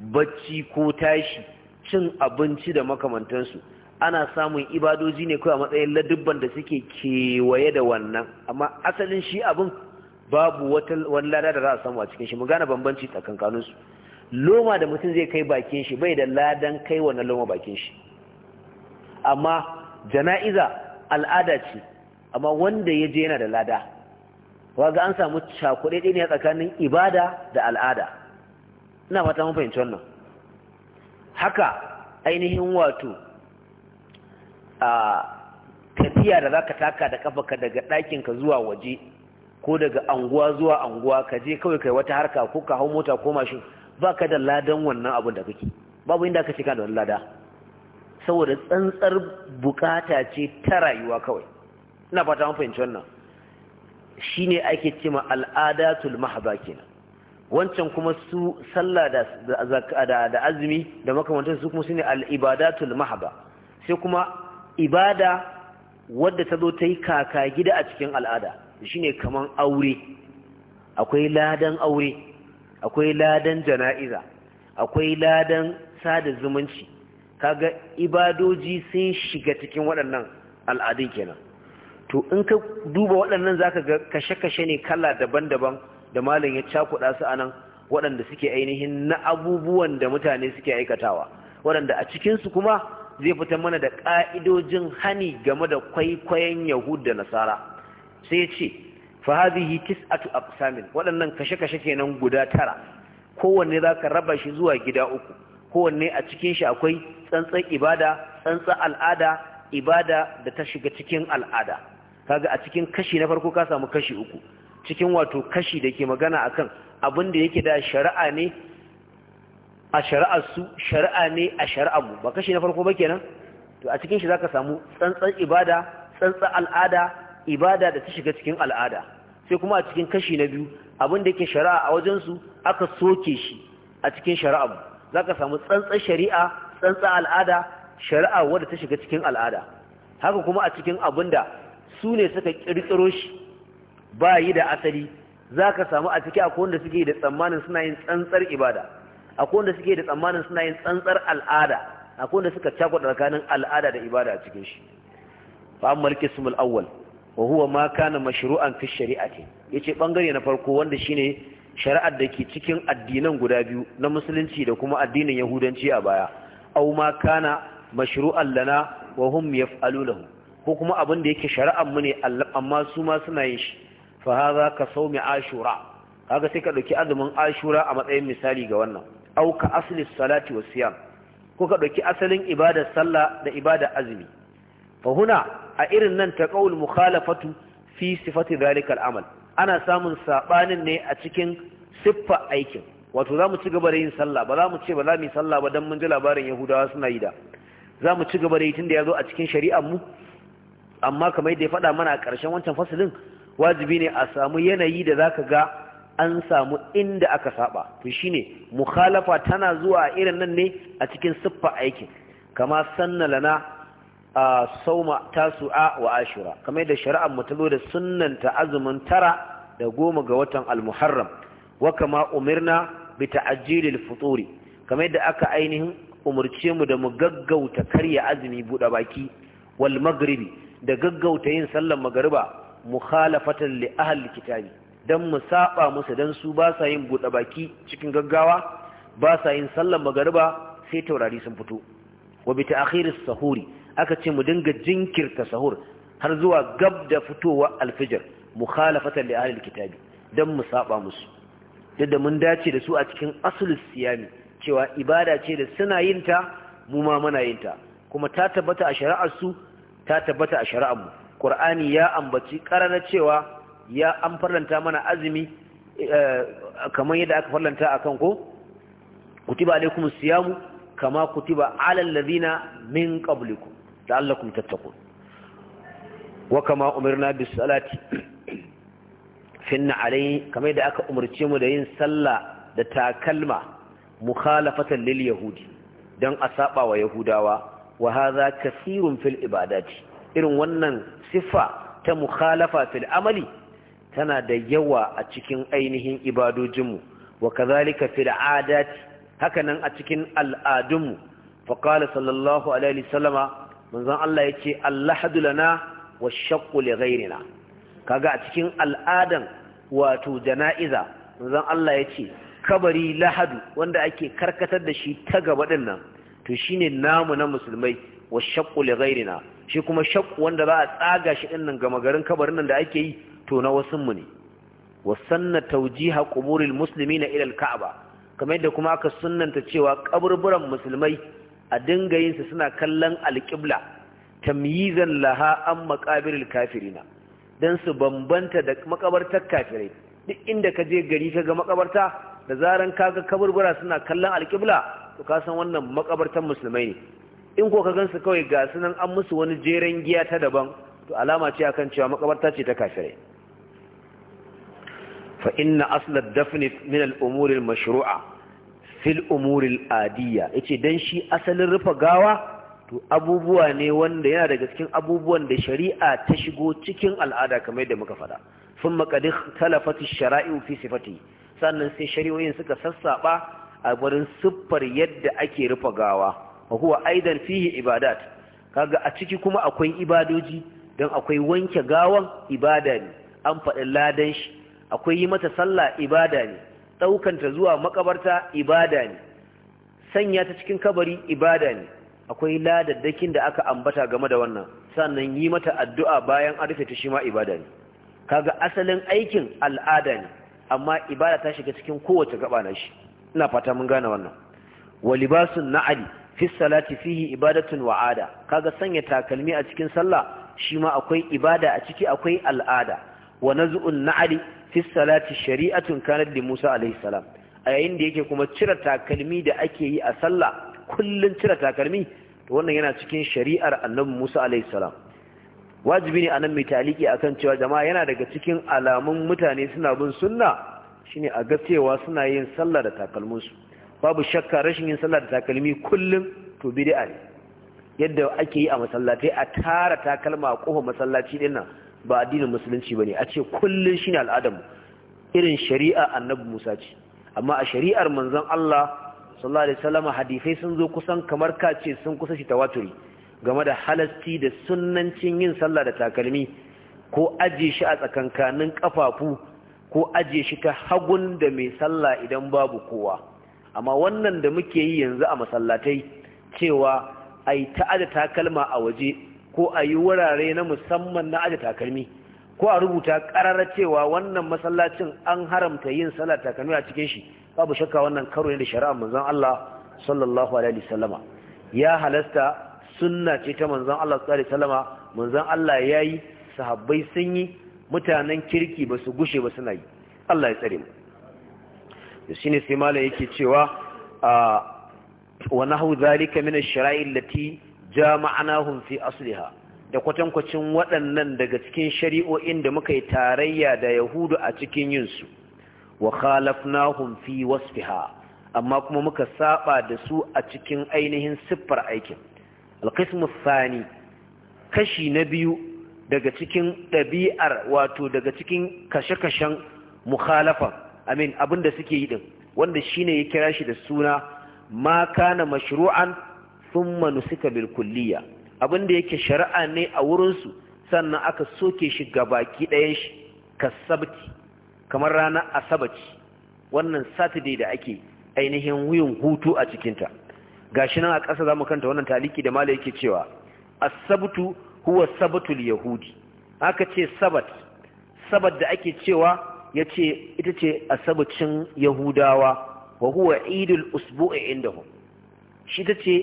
bacci ko tashi cin abinci da makamantansu ana samun ibadoji ne kawai a matsayin ladubban da suke kewaye da wannan amma asalin shi abin babu wani lada da za a samu a cikin shi mu gane bambanci tsakankaninsu loma da mutum zai kai bakin shi bai da ladan kai wannan loma bakin shi amma jana'iza al'ada ce amma wanda ya je yana da lada waga an samu cakuɗe ne tsakanin ibada da al'ada ina fata mun fahimci wannan haka ainihin wato a tafiya da zaka taka da kafaka daga ɗakin ka zuwa waje ko daga anguwa zuwa anguwa ka je kawai kai wata harka ko ka hau mota ko mashin ba ka da ladan wannan abun da kake babu inda ka ce ka da wani lada saboda tsantsar bukata ce ta rayuwa kawai ina fata mun fahimci wannan shine ake cewa al'adatul mahaba kenan wancan kuma su sallah da azumi da makamantar su kuma shine al-ibadatul mahaba sai kuma ibada wadda ta zo ta yi kaka gida a cikin al'ada shine kaman aure akwai ladan aure akwai ladan jana'iza akwai ladan sada zumunci kaga ibadoji sun shiga cikin waɗannan al'adun kenan to in ka duba waɗannan zaka ga kashe-kashe ne kala daban-daban da malam ya cakuɗa su anan waɗanda suke ainihin na abubuwan da mutane suke aikatawa waɗanda a cikinsu kuma zai fitar mana da ƙa'idojin hani game da kwaikwayon yahud da nasara sai ya ce fahazihi tis'atu aqsamin waɗannan kashe-kashe kenan guda tara kowanne za ka raba shi zuwa gida uku kowanne a cikin shi akwai tsantsan ibada tsantsan al'ada ibada da ta shiga cikin al'ada kaga a cikin kashi na farko ka samu kashi uku cikin wato kashi da ke magana akan abin da yake da shari'a ne a shari'arsu shari'a ne a shari'armu ba kashi na farko ba kenan to a cikin shi za ka samu tsantsan ibada tsantsan al'ada ibada da ta shiga cikin al'ada sai kuma a cikin kashi na biyu abin da yake shari'a a wajensu aka soke shi a cikin shari'armu ka samu tsantsan shari'a tsantsan al'ada shari'a wadda ta shiga cikin al'ada haka kuma a cikin abin da su ne suka ƙirƙiro shi ba yi da asali za ka samu a ciki akwai wanda suke da tsammanin suna yin tsantsar ibada akwai wanda suke da tsammanin suna yin tsantsar al'ada akwai wanda suka cakwada tsakanin al'ada da ibada a cikin shi fa amma al awwal wa huwa ma kana mashru'an fi shari'ati yace bangare na farko wanda shine shari'ar da ke cikin addinan guda biyu na musulunci da kuma addinin yahudanci a baya aw ma kana mashru'an lana wa hum yaf'alunahu ko kuma abin da yake shari'ar mu ne amma su ma suna yin shi fa hadha ka sawmi ashura kaga sai ka ɗauki azumin ashura a matsayin misali ga wannan au ka asli salati wa siyam ko ka ɗauki asalin ibadar sallah da ibadar azumi fahuna a irin nan ta qaul mukhalafatu fi sifati dhalika al-amal ana samun saɓanin ne a cikin siffa aikin wato mu ci gaba da yin sallah ba zamu ce ba za mu yi sallah ba dan mun ji labarin yahudawa suna yi da zamu ci gaba da yi tun ya zo a cikin shari'ar mu amma kamar yadda ya faɗa mana a ƙarshen wancan fasalin wajibi ne a samu yanayi da za ka ga an samu inda aka saba to shine mukhalafa tana zuwa irin nan ne a cikin siffa aikin kama sanna lana a sauma tasu'a wa ashura kamar yadda shari'ar mu ta zo ta azumin tara da goma ga watan almuharram muharram wa kama umirna bi ta'ajjilil futuri kamar yadda aka ainihin umurce mu da mu gaggauta karya azumi buɗe baki wal maghribi da gaggauta yin sallar magariba mukhalafatan li ahli kitabi dan mu saba musu dan su ba sa yin bude baki cikin gaggawa ba sa yin sallar magariba sai taurari sun fito wa bi ta'khir as-sahuri aka ce mu dinga jinkirta sahur har zuwa gab da fitowa al-fajr mukhalafatan li ahli kitabi dan mu saba musu duk mun dace da su a cikin aslus siyami cewa ibada ce da suna yin ta mu ma muna yin ta kuma ta tabbata a shari'ar su ta tabbata a shari'ar mu Qur'ani ya ambaci ƙararar cewa ya an farlanta mana azumi eh, kamar yadda aka farlanta a ko kutiba alaikum siyamu kama kutiba alal ladina min qablikum la'allakum tattaqun wa kama umirna bis salati finna alai kamar yadda aka umurce mu da yin sallah da takalma mukhalafatan lil yahudi dan a wa yahudawa wa hadha kathirun fil ibadati irin wannan siffa ta mukhalafa fil amali tana da yawa a cikin ainihin ibadojinmu wa kazalika fil adati hakanan a cikin al'adunmu fa qala sallallahu alaihi wasallama manzon Allah yace allahadu lana wa shaqqu li ghayrina kaga a cikin al'adan wato jana'iza manzon Allah yace kabari lahadu wanda ake karkatar da shi ta gaba din nan to shine namu na musulmai wa shaqqu li shi kuma shak wanda za a tsaga shi ɗin nan gama garin kabarin nan da ake yi to na wasunmu ne wasanna taujiha quburil Musulmi na ilal ka'aba kamar yadda kuma aka sunnanta cewa kaburburan musulmai a dinga yinsu suna kallon alƙibla tamyizan laha an maqabiril kafirina dan su bambanta da makabartar kafirai duk inda ka je gari ka ga makabarta da zaran kaga kaburbura suna kallon alƙibla to ka san wannan makabartar musulmai ne in ko ka gansu kawai ga sunan an musu wani jeren giya ta daban to alama ce akan cewa makabarta ce ta kafirai fa inna asla dafni min al-umur al-mashru'a fil umur al-adiyya yace dan shi asalin rufa gawa to abubuwa ne wanda yana daga cikin abubuwan da shari'a ta shigo cikin al'ada kamar yadda muka faɗa sun maƙadi talafatu shara'i'u fi sifati sannan sai shari'o'in suka sassaɓa a wurin siffar yadda ake rufa gawa wa huwa aidan fihi ibadat kaga a ciki kuma akwai ibadoji don akwai wanke gawan ibada ne an faɗi ladan shi akwai yi mata sallah ibada ne ɗaukanta zuwa makabarta ibada ne sanya ta cikin kabari ibada ne akwai ladaddakin da aka ambata game da wannan sannan yi mata addu'a bayan an rufe ta shi ma ibada ne kaga asalin aikin al'ada ne amma ibada ta shiga cikin kowace gaba na shi ina fata mun gane wannan walibasun na'ali fi salati fihi ibadatun wa'ada kaga sanya takalmi a cikin sallah shi ma akwai ibada a ciki akwai al'ada wa naz'un na'ali fi salati shari'atun kanat li Musa alayhi salam a yayin da yake kuma cire takalmi da ake yi a sallah kullun cire takalmi to wannan yana cikin shari'ar annabi Musa alaihi salam wajibi ne anan mai taliki akan cewa jama'a yana daga cikin alamun mutane suna bin sunna shine a ga cewa suna yin sallah da takalminsu babu shakka rashin yin sallah da takalmi kullum to bid'a ne yadda ake yi a masallatai a tara takalma a kofar masallaci din nan ba addinin musulunci bane a ce kullum shine al'adamu irin shari'a annabi Musa ce amma a shari'ar manzon Allah sallallahu alaihi wasallam hadisai sun zo kusan kamar ka ce sun kusa shi tawaturi game da halasti da sunnancin yin sallah da takalmi ko aje shi a tsakankanin kafafu ko aje shi ta hagun da mai sallah idan babu kowa amma wannan da muke yi yanzu a masallatai cewa a yi ta aje takalma a waje ko a yi wurare na musamman na aje takalmi ko a rubuta ƙararra cewa wannan masallacin an haramta yin sallar takalmi a cikin shi babu shakka wannan karo ne da shari'a manzon Allah sallallahu alaihi wasallama ya halasta sunna ce ta manzon Allah sallallahu alaihi wasallama manzon Allah yayi sahabbai sun yi mutanen kirki ba su gushe ba suna yi Allah ya tsare mu da ne sai malam yake cewa wani hau zalika mina ash-shara'i allati jama'nahum fi asliha da kwatankwacin waɗannan daga cikin shari'o'in da muka yi tarayya da yahudu a cikin yinsu wa khalafnahum fi wasfiha amma kuma muka saba da su a cikin ainihin siffar aikin alqismu Sani, kashi na biyu daga cikin ɗabi'ar wato daga cikin kashe-kashen mukhalafa amin abin da suke yi din wanda shine ya kira shi da suna ma kana mashru'an thumma nusika bil kulliya abin da yake shari'a ne a wurin su sannan aka soke shi gabaki ɗayan shi kasabti kamar rana asabaci wannan saturday da ake ainihin wuyin hutu a cikinta gashi nan a ƙasa zamu kanta wannan taliki da mala yake cewa asabtu huwa sabatul yahudi aka ce sabat sabat da ake cewa ce ita ce asabacin yahudawa wa huwa idul usbu'i inda shi ta ce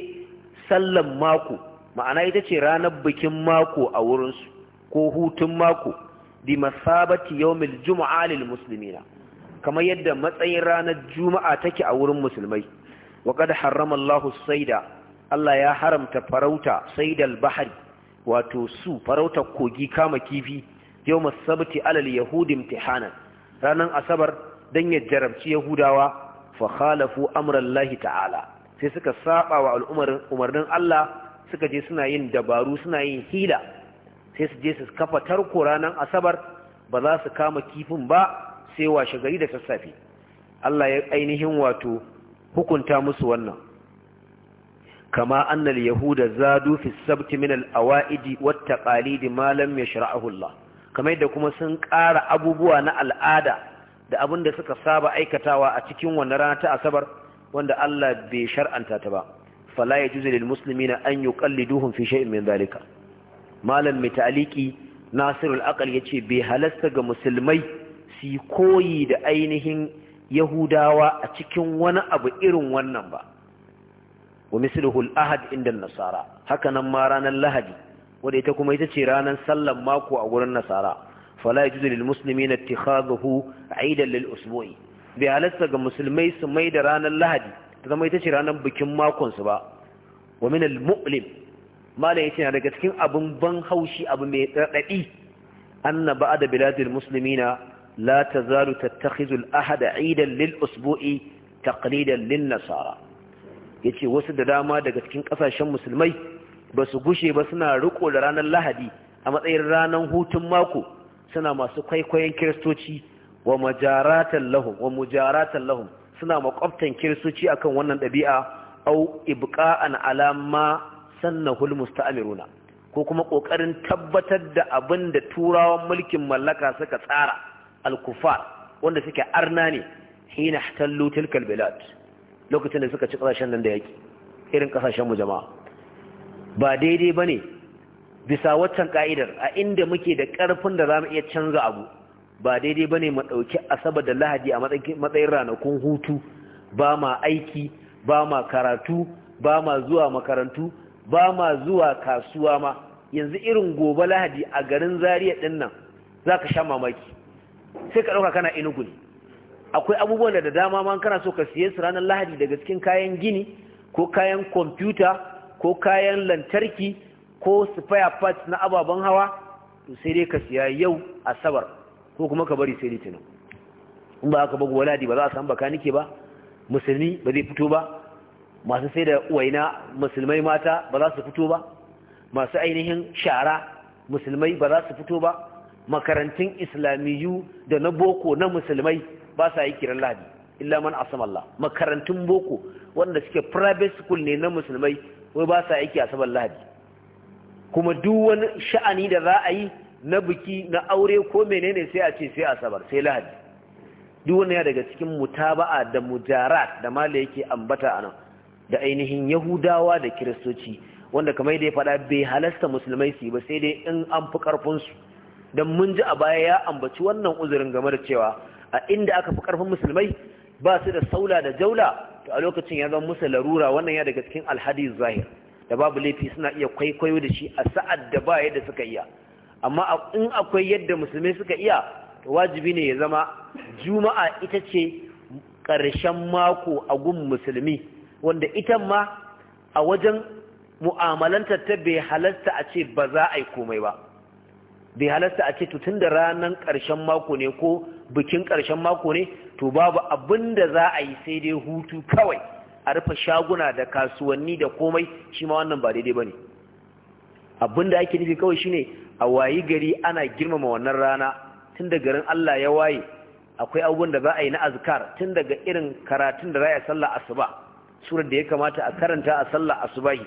sallan mako ma'ana ita ce ranar bikin mako a wurinsu ko hutun mako bi masabati yawmil juma'a lil musulmina. kamar yadda matsayin ranar juma'a take a wurin musulmai wa qad harrama Allahu saida Allah ya haramta farauta saidal bahri wato su farauta kogi kama kifi yawmas sabti alal yahudi imtihanan ranar asabar don ya jarabci yahudawa fa khalafu amrallahi ta'ala sai suka saba wa umarnin Allah suka je suna yin dabaru suna yin hila sai su je su kafa tarko ranar asabar ba za su kama kifin ba sai washe gari da sassafe Allah ya ainihin wato hukunta musu wannan kama annal yahuda zadu fi sabti min al-awaidi wat taqalidi ma lam yashra'ahu Allah kamar da kuma sun ƙara abubuwa na al'ada da abin da suka saba aikatawa a cikin wannan rana ta asabar wanda Allah bai shar'anta ta ba fala yajuzu lil muslimina an yuqalliduhum fi shay'in min zalika malam mai ta'aliki Nasiru al ya yace bai halasta ga musulmai su koyi da ainihin yahudawa a cikin wani abu irin wannan ba wa misluhu al ahad inda nasara haka nan ma ranar lahadi wadda ita kuma ita ce ranar sallan mako a gurin nasara fala yajuzu lil muslimina ittikhadhuhu aidan lil usbu'i bai halasta ga musulmai su mai da ranar lahadi ta zama ita ce ranar bikin makon su ba wa min al mu'lim malam yace daga cikin abin ban haushi abu mai radadi anna ba'da biladil muslimina la tazalu tattakhizu al ahada aidan lil usbu'i taqlidan lin nasara yace wasu da dama daga cikin kasashen musulmai ba su gushe ba suna riko da ranar lahadi a matsayin ranar hutun mako suna masu kwaikwayon kiristoci wa majaratan lahum wa lahum suna makwabtan kiristoci akan wannan ɗabi'a au ibqa'an ala ma sannahul musta'miruna ko kuma kokarin tabbatar da abin da turawan mulkin mallaka suka tsara al-kufar wanda suke arna ne hina tilkal bilad lokacin da suka ci ƙasashen nan da yaki irin kasashen mu jama'a ba daidai ba ne bisa waccan ka'idar a inda muke da ƙarfin da za mu iya canza abu ba daidai ba ne mu ɗauki asabar da lahadi a matsayin ranakun hutu ba ma aiki ba ma karatu ba ma zuwa makarantu ba ma zuwa kasuwa ma yanzu irin gobe lahadi a garin zariya ɗin nan za ka sha mamaki sai ka ɗauka kana inugu ne akwai abubuwan da da dama ma kana so ka siye su ranar lahadi daga cikin kayan gini ko kayan kwamfuta ko kayan lantarki ko spare parts na ababen hawa to sai dai ka siya yau asabar ko kuma ka bari sai litinin in ba haka ba waladi ba za a san baka nike ba musulmi ba zai fito ba masu sai da waina musulmai mata ba za su fito ba masu ainihin shara musulmai ba za su fito ba makarantun islamiyu da na boko na musulmai ba sa yi kiran lahadi illa man asamallah makarantun boko wanda suke private school ne na musulmai wai ba sa aiki asabar lahadi kuma duk wani sha'ani da za a yi na biki na aure ko menene sai a ce sai asabar sai lahadi duk wani ya daga cikin mutaba'a da mujarat da mala yake ambata a nan da ainihin yahudawa da kiristoci wanda kamar da ya faɗa bai halasta musulmai su yi ba sai dai in an fi karfinsu don mun ji a baya ya ambaci wannan uzurin game da cewa a inda aka fi ƙarfin musulmai ba su da saula da jaula a lokacin ya zama musa larura wannan ya daga cikin alhadi zahir da babu laifi suna iya kwaikwayo da shi a sa'ad da ba yadda suka iya amma in akwai yadda musulmi suka iya wajibi ne ya zama juma'a ita ce ƙarshen mako a gun musulmi wanda ita ma a wajen mu'amalanta ta bai halasta a ce ba za a yi komai ba bai halasta a ce tutun da ranar ƙarshen mako ne ko bikin ƙarshen mako ne to babu abin da za a yi sai dai hutu kawai a rufe shaguna da kasuwanni da komai shi ma wannan ba daidai ba ne abin da ake nufi kawai shine a wayi gari ana girmama wannan rana tun da garin Allah ya waye akwai abubuwan da za a yi na azkar tun daga irin karatun da za a sallah asuba surar da ya kamata a karanta a sallah asubahi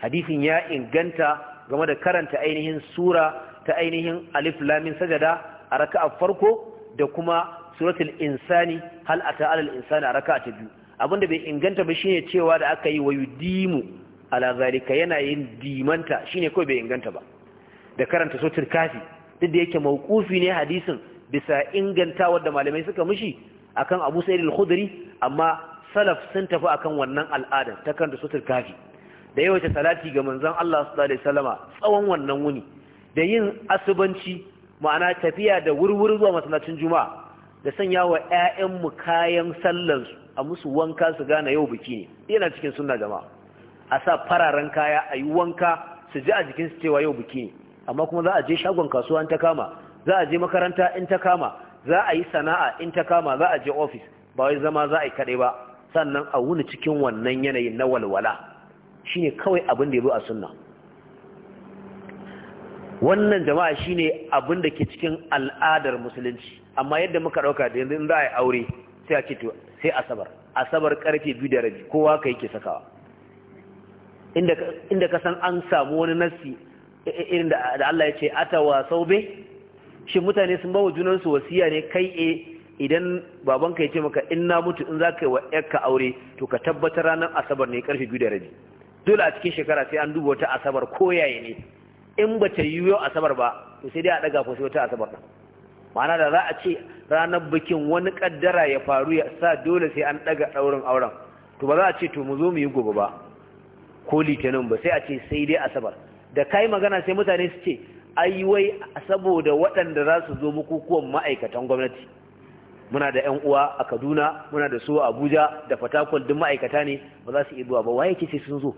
hadisin ya inganta game da karanta ainihin sura ta ainihin alif lamin sajada a raka'a farko da kuma suratul insani hal ata alal insani a raka'a ta biyu abinda bai inganta ba shine cewa da aka yi wayu dimu ala zalika yana yin dimanta shine kawai bai inganta ba da karanta suratul kafi duk da yake mawqufi ne hadisin bisa inganta da malamai suka mishi akan Abu Sa'id al-Khudri amma salaf sun tafi akan wannan al'ada ta karanta suratul kafi da yawaita salati ga manzon Allah sallallahu alaihi wasallama tsawon wannan wuni da yin asubanci ma'ana tafiya da wurwuri zuwa masallacin juma'a da sanya wa 'ya'yanmu kayan sallansu a musu wanka su gane yau biki ne yana cikin suna jama'a a sa fararen kaya a yi wanka su ji a jikinsu cewa yau biki ne amma kuma za a je shagon kasuwa in ta kama za a je makaranta in ta kama za a yi sana'a in ta kama za a je ofis ba wai zama za a yi kaɗai ba sannan a wuni cikin wannan yanayin na walwala shine kawai abin da ya zo a sunna wannan jama'a shine abin da ke cikin al'adar musulunci amma yadda muka dauka da yanzu za a yi aure sai a ce to sai asabar asabar karfe biyu da rabi kowa ka ke sakawa inda inda ka san an samu wani nasi irin da Allah ya ce atawa saube shi mutane sun bawa junansu su wasiya ne kai e idan babanka ya ce maka in na mutu in za ka yi wa yarka aure to ka tabbatar ranar asabar ne karfe biyu da rabi dole a cikin shekara sai an duba wata asabar koyaye ne in ba ta yiwu yau asabar ba to sai dai a daga ko wata asabar ɗin ma'ana da za a ce ranar bikin wani ƙaddara ya faru ya sa dole sai an daga ɗaurin auren to ba za a ce to mu zo mu yi gobe ba ko litinin ba sai a ce sai dai asabar da kai magana sai mutane su ce ai wai saboda waɗanda za su zo bukukuwan ma'aikatan gwamnati muna da 'yan uwa a kaduna muna da su abuja da fatakwal duk ma'aikata ne ba za su iya zuwa ba waye ke sai sun zo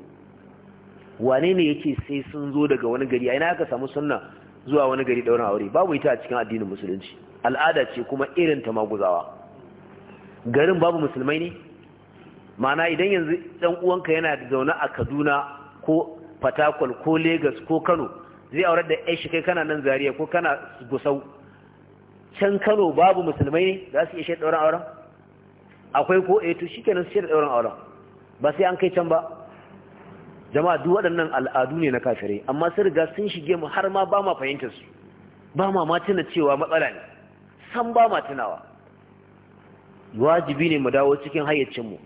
wane ne yake sai sun zo daga wani gari a ina aka samu sunna zuwa wani gari daura aure babu ita a cikin addinin musulunci al'ada ce kuma irin ta maguzawa garin babu musulmai ne mana idan yanzu dan uwanka yana da zaune a Kaduna ko Fatakwal ko Legas, ko Kano zai aurar da ƴan shi kai kana nan Zaria ko kana Gusau can Kano babu musulmai ne za su iya shaidar auren akwai ko eh, su auren ba sai an kai can ba jama'a duk waɗannan al'adu ne na kafirai amma sun riga sun shige mu har ma ba ma fahimtar su ba ma ma tuna cewa matsala ne san ba ma tunawa wajibi ne mu dawo cikin hayyacin mu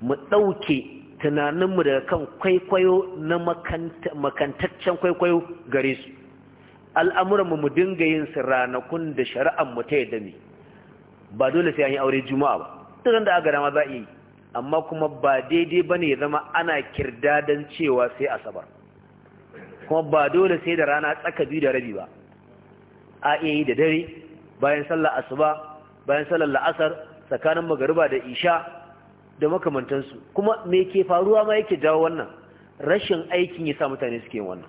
mu ɗauke tunaninmu daga kan kwaikwayo na makantaccen kwaikwayo gare su al'amuranmu mu dinga yin su ranakun da shari'ar mu ta yadda ne ba dole sai an yi aure juma'a ba tunan da aka dama za a yi amma kuma ba daidai ba ne zama ana kirdadan cewa sai asabar kuma ba dole sai da rana tsaka biyu da rabi ba a iya yi da dare bayan sallar asuba bayan sallar la'asar tsakanin magariba da isha da makamantansu kuma me ke faruwa ma yake jawo wannan rashin aikin ya sa mutane suke wannan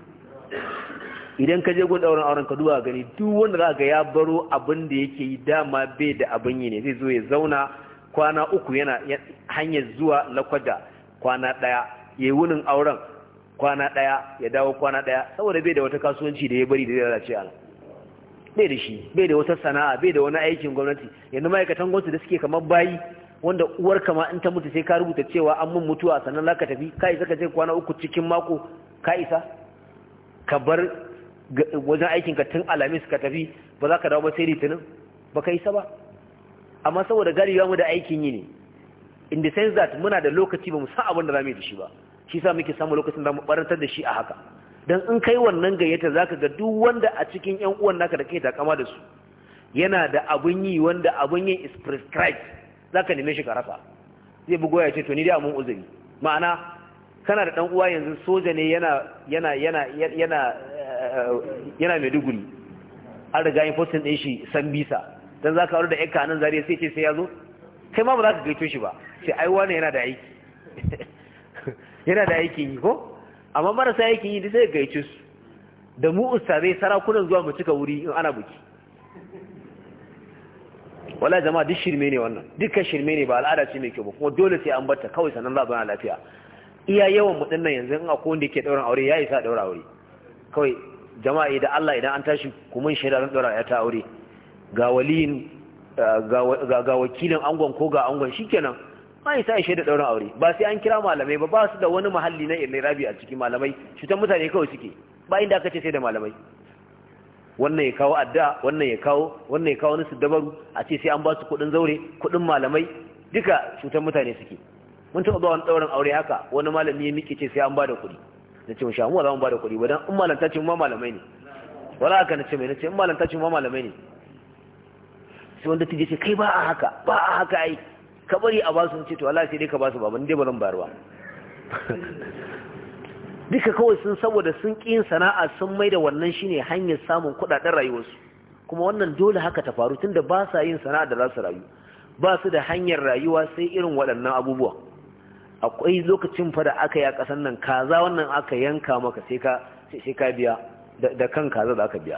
idan ka je gun auren ka duba gani duk wanda za ga ya baro abin da yake yi dama bai da abin yi ne zai zo ya zauna kwana uku yana hanyar zuwa lakwada kwana ɗaya ya yi wunin auren kwana ɗaya ya dawo kwana ɗaya saboda bai da wata kasuwanci da ya bari da lalace ala bai da shi bai da wata sana'a bai da wani aikin gwamnati yanzu ma'aikatan gwamnati da suke kamar bayi wanda uwar kama in ta mutu sai ka rubuta cewa an mun mutuwa sannan za ka tafi ka isa ka ce kwana uku cikin mako ka isa ka bar wajen aikinka tun alamis ka tafi ba za ka dawo ba sai litinin ba ka isa ba amma saboda garewa mu da aikin yi ne in the sense that muna da lokaci ba mu san abin da zamu yi da shi ba shi sa muke samun lokacin da mu barantar da shi a haka dan in kai wannan gayyata zaka ga duk wanda a cikin 'yan uwan naka da kai takama da su yana da abun yi wanda abun yin is prescribed zaka neme shi ka zai bugo ya ce to ni dai amun uzuri ma'ana kana da dan uwa yanzu soja ne yana mai yana yana yana eh, eh, an riga yin fosin ɗin shi san bisa dan zaka aure da yanka nan zariya sai ce sai ya zo kai ma ba za ka gaito shi ba sai ai wani yana da aiki yana da aikin yi ko amma marasa aikin yi sai gaice su da mu ustazai sarakunan zuwa mu cika wuri in ana buki wala jama'a duk shirme ne wannan dukkan shirme ne ba al'ada ce mai kyau ba kuma dole sai an barta kawai sannan za a lafiya iya yawan mu dinnan yanzu in akwai wanda yake dauran aure ya isa daura aure kawai jama'a idan Allah idan an tashi kuma shaida ran daura ya ta aure Eh, ga wakilin angon ko ga angon shikenan ma isa ya shaida dauran aure ba sai an kira malamai ba ba su da wani mahalli na irabi a cikin malamai cutar mutane kawai suke ba inda aka ce sai da malamai wannan ya kawo adda wannan ya kawo wannan ya kawo nasu dabaru a ce sai an ba su kudin zaure kudin malamai duka cutar mutane suke mun taɓa wani ɗaurin aure haka wani malami ya miƙe ce sai an ba da kuɗi na ce mushamu za mu ba da kuɗi ba don in malanta ce ma malamai ne wala aka na ce mai na ce in malanta ce ma malamai ne sai wanda ta ce kai ba a haka ba a haka ai ka bari a basu ce to Allah sai dai ka basu ban dai ba ran baruwa duka kawai sun saboda sun ƙi sana'a sun mai da wannan shine hanyar samun kuɗaɗen rayuwarsu kuma wannan dole haka ta faru tunda ba sa yin sana'a da za su rayu ba su da hanyar rayuwa sai irin waɗannan abubuwa akwai lokacin fa da aka yi a ƙasar nan kaza wannan aka yanka maka sai ka biya da kan kaza da aka biya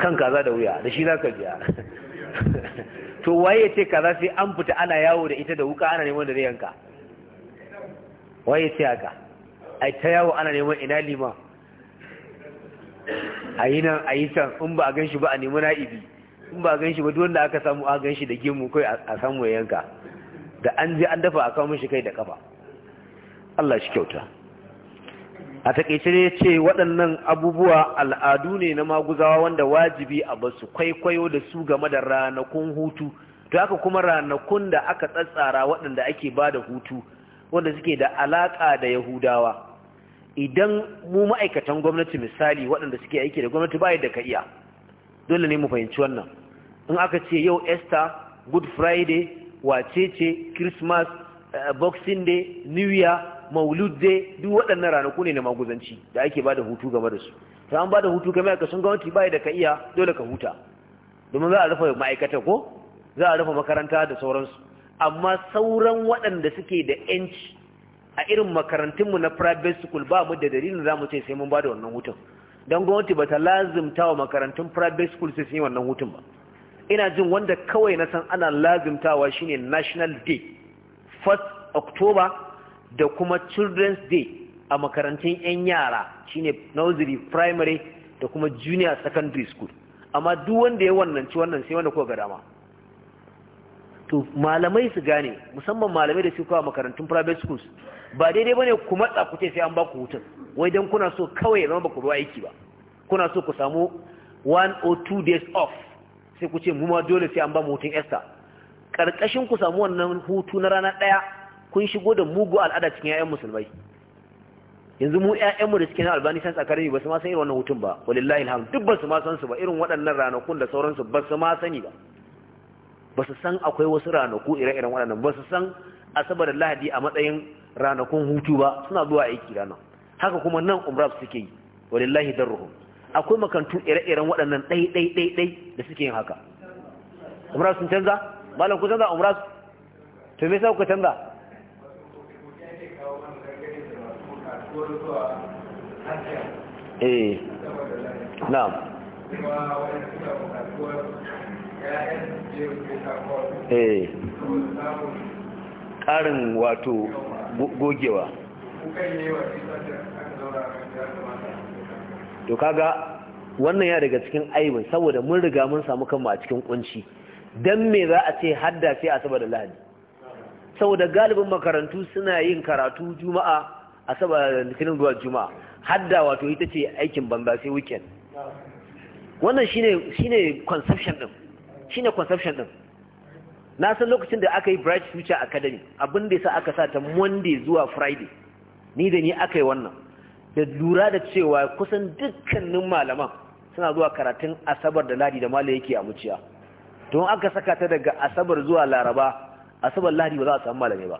kan kaza da wuya da shi za ka biya to waye ya ce kaza sai an fita ana yawo da ita da wuka ana neman da zai yanka waye ya ce haka ai ta yawo ana neman ina liman a yi nan a yi can in ba a gan shi ba a nemi na'ibi in ba a gan shi ba duwanda aka samu a gan shi da gemu kai a samu ya yanka da an je an dafa a kawo mishi kai da kafa Allah shi kyauta a takaice ne ce waɗannan abubuwa al'adu ne na maguzawa wanda wajibi a ba su kwaikwayo da su game da ranakun hutu to haka kuma ranakun da aka tsatsara waɗanda ake ba da hutu wanda suke da alaƙa da yahudawa idan mu ma'aikatan gwamnati misali waɗanda suke aiki da gwamnati bayan da ka iya dole ne mu fahimci wannan in aka ce yau esther good friday wacece christmas eh, boxing day new year maulud dai duk waɗannan ranaku ne na maguzanci da ake ba da hutu game da su ta an bada hutu kamar yaka sun gwamnati bai da ka iya dole ka huta domin za a rufe ma'aikata ko za a rufe makaranta da sauransu amma sauran waɗanda suke da yanci a irin makarantunmu na private school ba mu da dalilin za mu ce sai mun ba da wannan hutun don gwamnati ba ta lazimta wa makarantun private school sai sun yi wannan hutun ba ina jin wanda kawai na san ana lazimtawa shine national day 1st october da kuma children's day a makarantun 'yan yara shine nursery primary da kuma junior secondary school amma duk wanda ya wannan ci wannan sai wanda kuka ga dama to malamai su gane musamman malamai da su kawo makarantun private schools ba daidai bane ku matsa ku sai an ba ku hutun wai don kuna so kawai ya zama ba ku ruwa aiki ba kuna so ku samu one or two days off sai ku ce mu ma dole sai an ba mu hutun esta karkashin ku samu wannan hutu na rana ɗaya. kun shigo da mugu al'ada cikin ƴaƴan musulmai yanzu mu ƴaƴanmu da suke na albani science academy ba su ma san irin wannan hutun ba walillahi alham duk ba su ma san su ba irin waɗannan ranakun da sauransu ba su ma sani ba ba su san akwai wasu ranaku ire-iren waɗannan ba su san asabar lahadi a matsayin ranakun hutu ba suna zuwa aiki ranar haka kuma nan umrah suke yi walillahi darruhum akwai makantu ire-iren waɗannan ɗai-ɗai-ɗai da suke yin haka umrah sun canza malam ku canza umrah to me sa ku canza eh na'am eh ƙarin wato gogewa to kaga wannan ya daga cikin aibin saboda mun riga mun samu kanmu a cikin kunci dan me za a ce hadda sai a saboda lahadi saboda galibin makarantu suna yin karatu juma'a asabar litinin zuwa juma'a hadda wato ita ce aikin banza sai weekend wannan shine shine conception din shine conception din na san lokacin da aka yi bright future academy abin da yasa aka sa ta monday zuwa friday ni da ni aka yi wannan da lura da cewa kusan dukkanin malaman suna zuwa karatun asabar da ladi da malam yake a muciya don aka saka ta daga asabar zuwa laraba asabar ladi ba za a samu malamai ba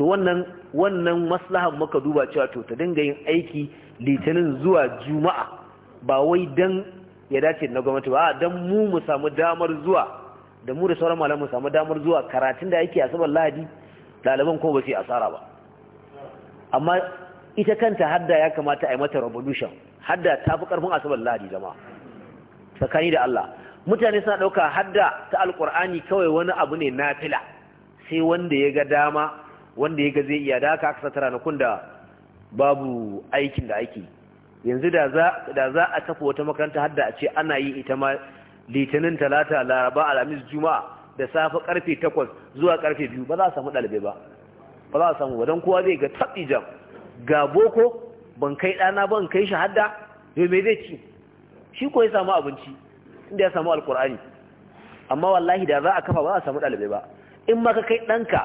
to wannan wannan maslahan muka duba cewa to ta dinga yin aiki litinin zuwa juma'a ba wai dan ya dace na gwamnati ba dan mu mu samu damar zuwa da mu da sauran malamu samu damar zuwa karatun da yake asabar lahadi ɗaliban ko ba su yi asara ba amma ita kanta hadda ya kamata a yi mata revolution hadda ta fi ƙarfin asabar lahadi zama tsakani da Allah mutane suna ɗauka hadda ta alƙur'ani kawai wani abu ne na fila sai wanda ya ga dama wanda ya ga zai iya da haka aka satara na kunda babu aikin da ake yanzu da za a tafi wata makaranta hadda a ce ana yi ita ma litinin talata laraba alhamis juma'a da safe karfe takwas zuwa karfe biyu ba za a samu dalibai ba ba za a samu ba don kowa zai ga tabi jam ga boko ban kai dana ban kai shi hadda yau mai zai ci shi ko ya samu abinci inda ya samu alkur'ani amma wallahi da za a kafa ba za a samu dalibai ba in ma ka kai ɗanka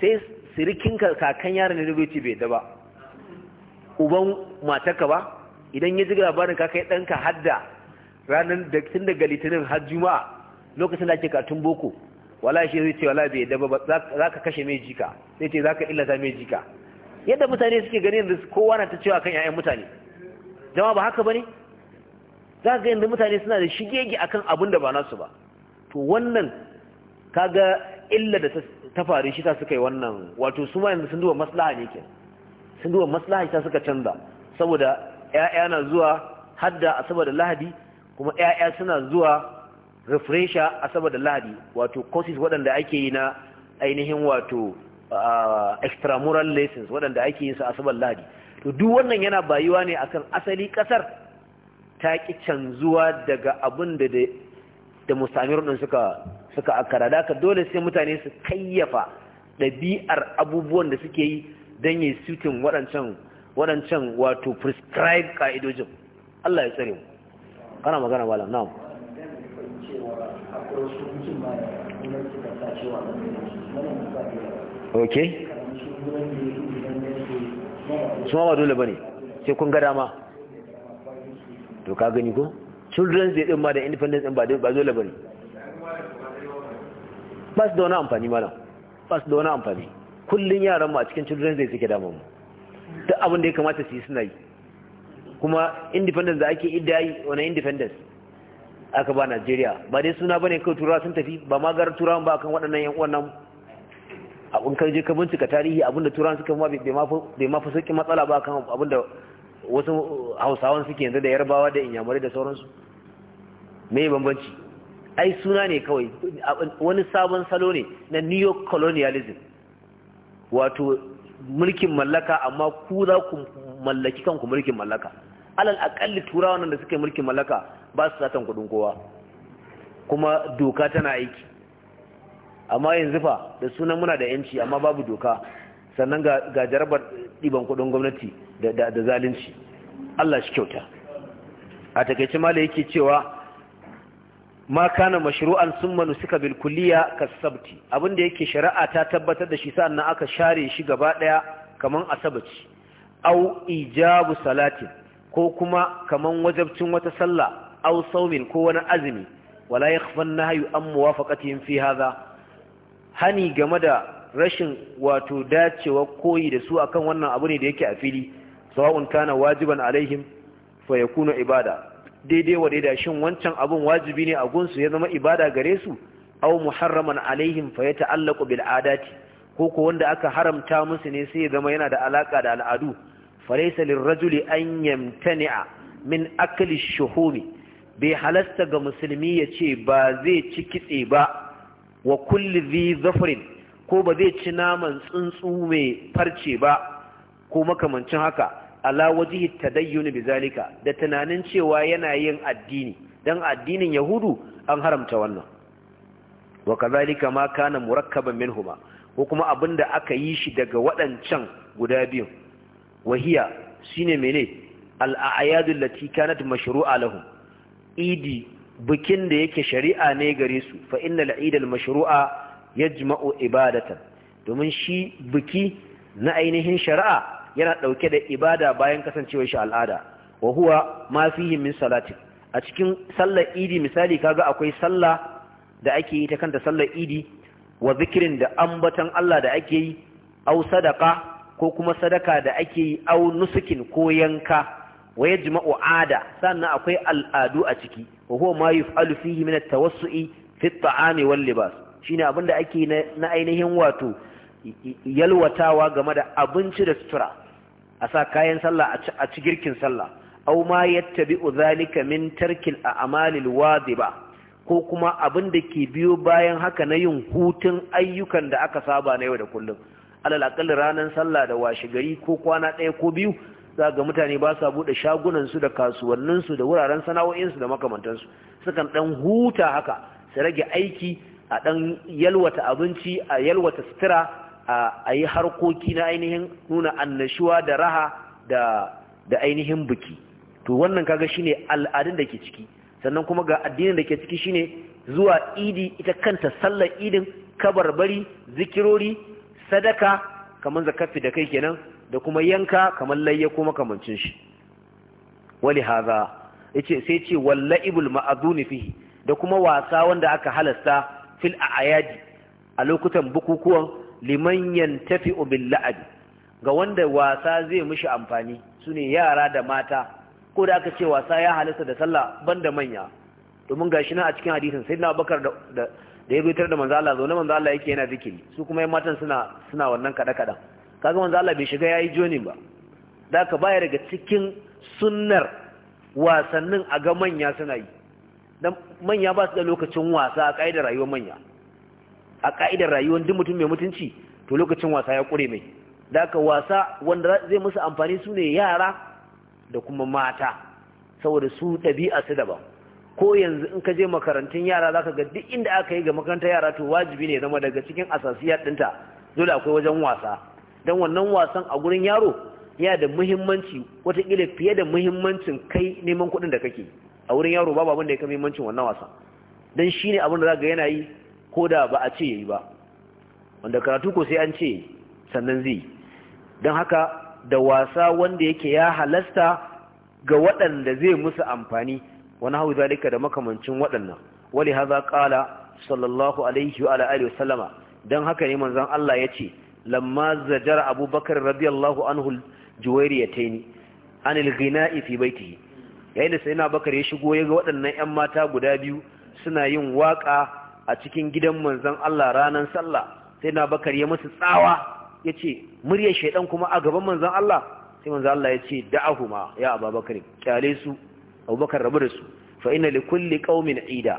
sai sirikin kakan yaron da zai ce bai da ba uban matarka ba idan ya ji labarin ka kai ɗanka hadda ranar da tun daga litinin har juma'a lokacin da ake katun boko wala shi zai ce wala bai da ba za ka kashe mai jika sai ce za ka illata mai jika yadda mutane suke gani yanzu kowa na ta cewa kan 'ya'yan mutane jama ba haka ba ne za ga yanzu mutane suna da shigegi akan abin da ba nasu ba to wannan kaga illa da ta faru shi ta suka yi wannan wato su ma yanzu sun duba maslaha ne ke, sun duba maslaha ta suka canza saboda ƴaƴa na zuwa hadda asabar saboda lahadi kuma ƴaƴa suna zuwa refresher asabar saboda lahadi wato courses waɗanda ake yi na ainihin wato ah, extramural lessons waɗanda ake yin su asabar lahadi to duk wannan yana bayuwa ne akan asali ƙasar ta ki canzuwa daga abin da da musamir din suka suka akara da ka dole sai mutane su kayyafa ɗabi'ar abubuwan da suke yi don yi sutin waɗancan waɗancan wato prescribe ka'idojin Allah ya tsare mu kana magana malam na'am okay Suma ba dole bane sai kun ga dama to ka gani ko children's day din ma da independence din ba ba zo labari ba su da wani amfani mana ba su da wani amfani kullun yaran mu a cikin children's day suke damu duk abin da ya kamata su yi suna yi kuma independence da ake yi wani independence aka ba Najeriya ba dai suna bane kai turawa sun tafi ba ma gar turawan ba kan waɗannan yan uwan abun kai je ka bincika tarihi abinda turawan suka ma bai ma bai ma fi sauki matsala ba kan abinda wasu hausawan suke yanzu da yarbawa da inyamurai da sauransu mai bambanci ai suna ne kawai wani sabon salo ne na neo-colonialism wato mulkin mallaka amma ku za ku mallaki kanku mulkin mallaka alal akalli turawa nan da suke mulkin mallaka ba su satan kudin kowa kuma doka tana aiki amma yanzu fa da sunan muna da yanci amma babu doka sannan ga jarabar ɗiban kudin gwamnati da zalunci Allah shi kyauta a ma mala yake cewa ma kana mashru'an summa nusika bil kulliya kasabti abinda yake shari'a ta tabbatar da shi sannan aka share shi gaba daya kaman asabaci au ijabu salatin ko kuma kaman wajabcin wata sallah au saumin ko wani azumi wala yakhfa an-nahyu an muwafaqatihim fi haza. hani game da rashin wato dacewa koyi da su akan wannan abu ne da yake a fili sawa'un kana wajiban alaihim fa na ibada daidai wa daidai shin wancan abun wajibi ne a gunsu ya zama ibada gare su Au muharraman alaihim fa ta'allaku bil adati ko ko wanda aka haramta musu ne sai ya zama yana da alaka da al'adu fa laysa lirrajuli an yamtani'a min akli shuhumi bai halasta ga musulmi ya ce ba zai ci kitse ba wa kulli dhi zafrin ko ba zai ci naman tsuntsu mai farce ba ko makamancin haka ala wajihi tadayyun zalika da tunanin cewa yana yin addini dan addinin yahudu an haramta wannan wa kazalika ma kana murakkaban minhuma ko kuma abinda aka yi shi daga waɗancan guda biyu wahiya shine mene al ayad allati kanat mashru'a lahum idi bikin da yake shari'a ne gare su fa innal idal mashru'a yajma'u ibadatan domin shi biki na ainihin shari'a yana ɗauke da ibada bayan kasancewar shi al'ada wa huwa ma fihi min salatin a cikin sallar idi misali kaga akwai sallah da ake yi ta kanta sallar idi wa zikirin da ambatan Allah da ake yi au sadaka ko kuma sadaka da ake yi au nusukin ko yanka wa yajma'u ada sannan akwai al'adu a ciki wa huwa ma yuf'alu fihi min at-tawassu'i fi at-ta'ami wal libas shine abinda ake na ainihin wato yalwatawa game da abinci da sutura a sa kayan sallah a ci girkin sallah aw ma yattabi'u zalika min tarkil a'malil wadiba ko kuma abin da ke biyo bayan haka na yin hutun ayyukan da aka saba na yau da kullum alal aqal ranar sallah da washi gari ko kwana ɗaya ko biyu za ga mutane ba sa shagunan su da kasuwanninsu da wuraren sana'o'insu da makamantansu sukan ɗan huta haka su rage aiki a ɗan yalwata abinci a yalwata sutura a yi harkoki na ainihin nuna annashuwa da raha da ainihin biki to wannan kaga shine al'adun da ke ciki sannan kuma ga addinin da ke ciki shine zuwa idi ita kanta sallar idin kabarbari zikirori sadaka kamar zakafi da kai kenan da kuma yanka kamar layya ko makamancin shi wali haza yace sai ce wallaibul ma'azuni fihi da kuma wasa wanda aka halasta fil a'yadi a lokutan bukukuwan liman yantafi bil la'ab ga wanda wasa zai mishi amfani sune yara da mata ko da aka ce wasa ya halasta da sallah banda manya domin gashi na a cikin hadisin sayyidina Abubakar da da ya rutar da manzo Allah zo na manzo Allah yake yana zikiri su kuma yan matan suna suna wannan kada kada kaga manzo Allah bai shiga yayi joni ba da ka baya daga cikin sunnar wasannin a ga manya suna yi dan manya ba su da lokacin wasa a kaidar rayuwar manya a ka'idar rayuwar duk mutum mai mutunci to lokacin wasa ya kure mai daga wasa wanda zai musu amfani su ne yara da kuma mata saboda su ɗabi'a su daban ko yanzu in ka je makarantun yara za ka ga duk inda aka yi ga makarantar yara to wajibi ne zama daga cikin asasiyar ɗinta dole akwai wajen wasa don wannan wasan a gurin yaro yana da muhimmanci watakila fiye da muhimmancin kai neman kuɗin da kake a wurin yaro babu abin da ya kai muhimmancin wannan wasan don shi ne abin da za ga yana yi ko da ba a ce yi ba wanda karatu ko sai an ce sannan zai don haka da wasa wanda yake ya halasta ga waɗanda zai musu amfani wani hau zalika da makamancin waɗannan wani haza ƙala sallallahu alaihi wa alaihi wasallama don haka ne manzon Allah ya ce lamma zajar abubakar radiyallahu anhu juwairi ya juwairiyataini anil ghina'i fi baitihi yayin da na bakar ya shigo ya ga waɗannan 'yan mata guda biyu suna yin waƙa. a cikin gidan manzon Allah ranar sallah sai na bakar ya musu tsawa ya ce muryar shaidan kuma a gaban manzon Allah sai manzon Allah ya ce da'ahuma ya ababakar kyale su abubakar rabu da su fa'ina inna li kulli qaumin ida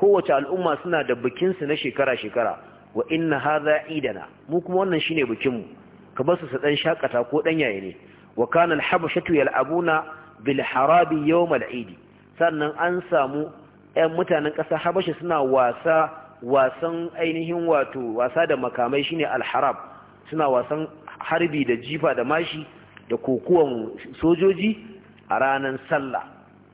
kowace al'umma suna da bikinsu na shekara shekara wa inna hadha idana mu kuma wannan shine bikin mu ka ba su su shakata ko dan yaye ne wa kana al-habashatu yal'abuna bil harabi yawm al-eid sannan an samu 'yan mutanen ƙasa habashi suna wasa wasan ainihin wato wasa da makamai shine alharab suna wasan harbi da jifa da mashi da kokowar sojoji a ranar sallah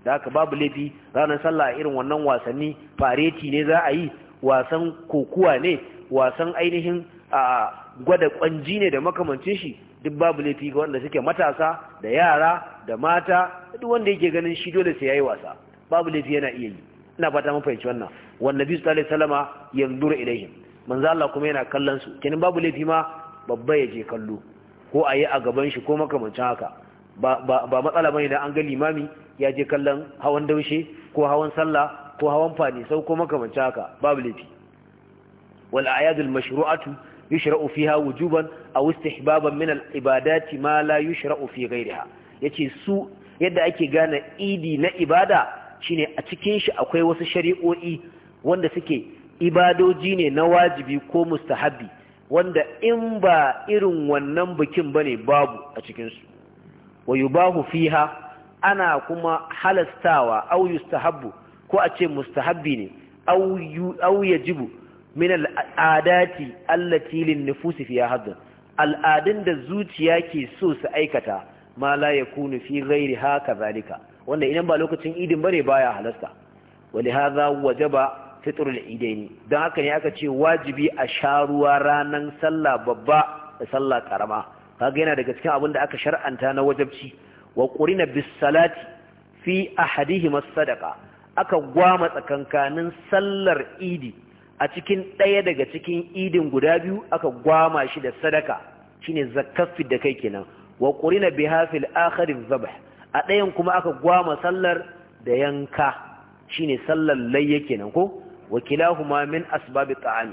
da haka babu laifi ranar sallah irin wannan wasanni fareti ne za a yi wasan kokuwa ne wasan ainihin a gwada kwanji ne da makamancin shi duk babu laifi ga wanda suke matasa da yara da mata duk wanda yake ganin shi dole sai yayi wasa babu laifi yana iya yi ina fata mun fahimci wannan wanda nabi sallallahu alaihi wasallama yanzuru ilaihim manzo Allah kuma yana kallon su Kinin babu laifi ma babba ya je kallo ko a yi a gaban shi ko makamancin haka ba matsala bane da an ga limami ya je kallon hawan daushe ko hawan sallah ko hawan fani sau ko makamancin haka babu laifi wal ayadul mashru'atu yushra'u fiha wujuban aw istihbaban min al ibadati ma la yushra'u fi ghayriha yace su yadda ake gane idi na ibada shine a cikin shi akwai wasu shari'o'i wanda suke ibadoji ne na wajibi ko mustahabbi, wanda in ba irin wannan bikin bane babu a cikinsu. su wa yubahu fiha ana kuma halastawa au yustahabbu ko a ce mustahabbi ne au yajibu min al'adati allati lin nufusi fi hadd al'adun da zuciya ke so su aikata ma la yakunu fi ghairi haka zalika wanda idan ba lokacin idin bane baya halasta wali hadha wajaba fitrul idaini Don haka ne aka ce wajibi a sha ruwa ranan sallah babba da sallah karama kaga yana daga cikin abin da aka shar'anta na wajabci wa qurina bis salati fi ahadihima sadaqa aka gwama tsakankanin sallar idi a cikin ɗaya daga cikin idin guda biyu aka gwama shi da sadaka shine zakkafi da kai kenan wa qurina bihafil akhir zabah. a ɗayan kuma aka gwama sallar da yanka shine sallar layya kenan ko wakilahuma min asbabi ta'ami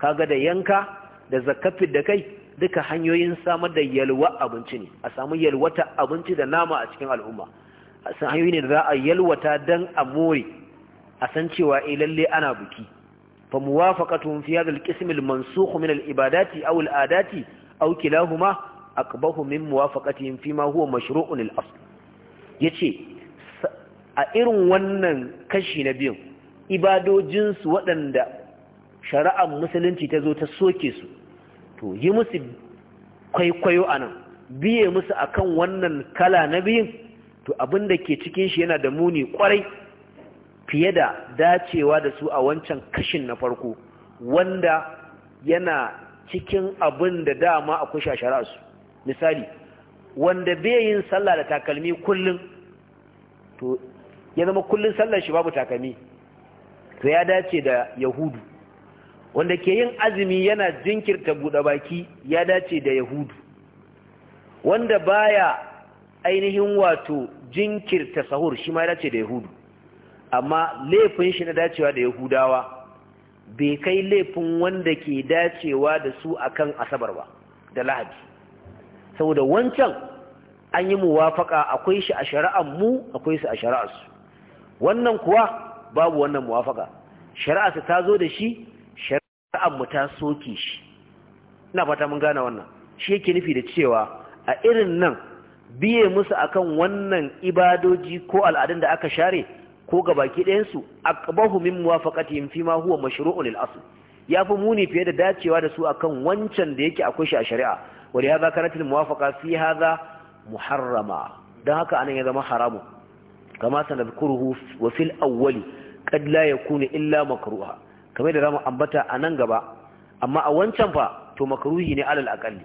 kaga da yanka da zakafi da kai duka hanyoyin samar da yalwa abinci ne a samu yalwata abinci da nama a cikin al'umma san hanyoyi ne da za a yalwata dan amori, a san cewa eh lalle ana buki fa muwafaqatuhum fi hadha al-qism al-mansukh min al-ibadati aw al-adati aw kilahuma aqbahu min muwafaqatihim fi ma huwa mashru'un al-asl ya ce a irin wannan kashi na biyun ibadojinsu waɗanda shari'ar musulunci ta zo ta soke su to yi musu kwaikwayo a nan biye musu a kan wannan kala na biyun to abin da ke cikin shi yana da muni kwarai fiye da dacewa da su a wancan kashin na farko wanda yana cikin abin da dama a shashara shari'arsu, misali wanda bai yin sallah da takalmi kullum to ya zama kullum sallar shi babu takalmi to ya dace da yahudu wanda ke yin azumi yana jinkirta buɗe baki ya dace da yahudu wanda baya ainihin wato jinkirta sahur shi ma ya dace da yahudu amma laifin shi na dacewa da yahudawa bai kai laifin wanda ke dacewa da su akan asabar ba da lahadi saboda wancan an yi muwafaka akwai shi a shari'ar mu akwai su a shari'ar su wannan kuwa babu wannan muwafaka shari'ar su ta zo da shi shari'ar mu ta soke shi ina fata mun gane wannan shi yake nufi da cewa a irin nan biye musu akan wannan ibadoji ko al'adun da aka share ko ga baki ɗayansu aqbahu min muwafaqatihim fi ma huwa mashru'un lil asl yafi muni fiye da dacewa da su akan wancan da yake akwai shi a shari'a ولهذا كانت الموافقة في هذا محرمة ده هكا أنا يزم حرام كما سنذكره وفي الأول قد لا يكون إلا مكروها كما يدرام أنبتا أننقبا أما أوانشان فا تو مكروهي على الأقل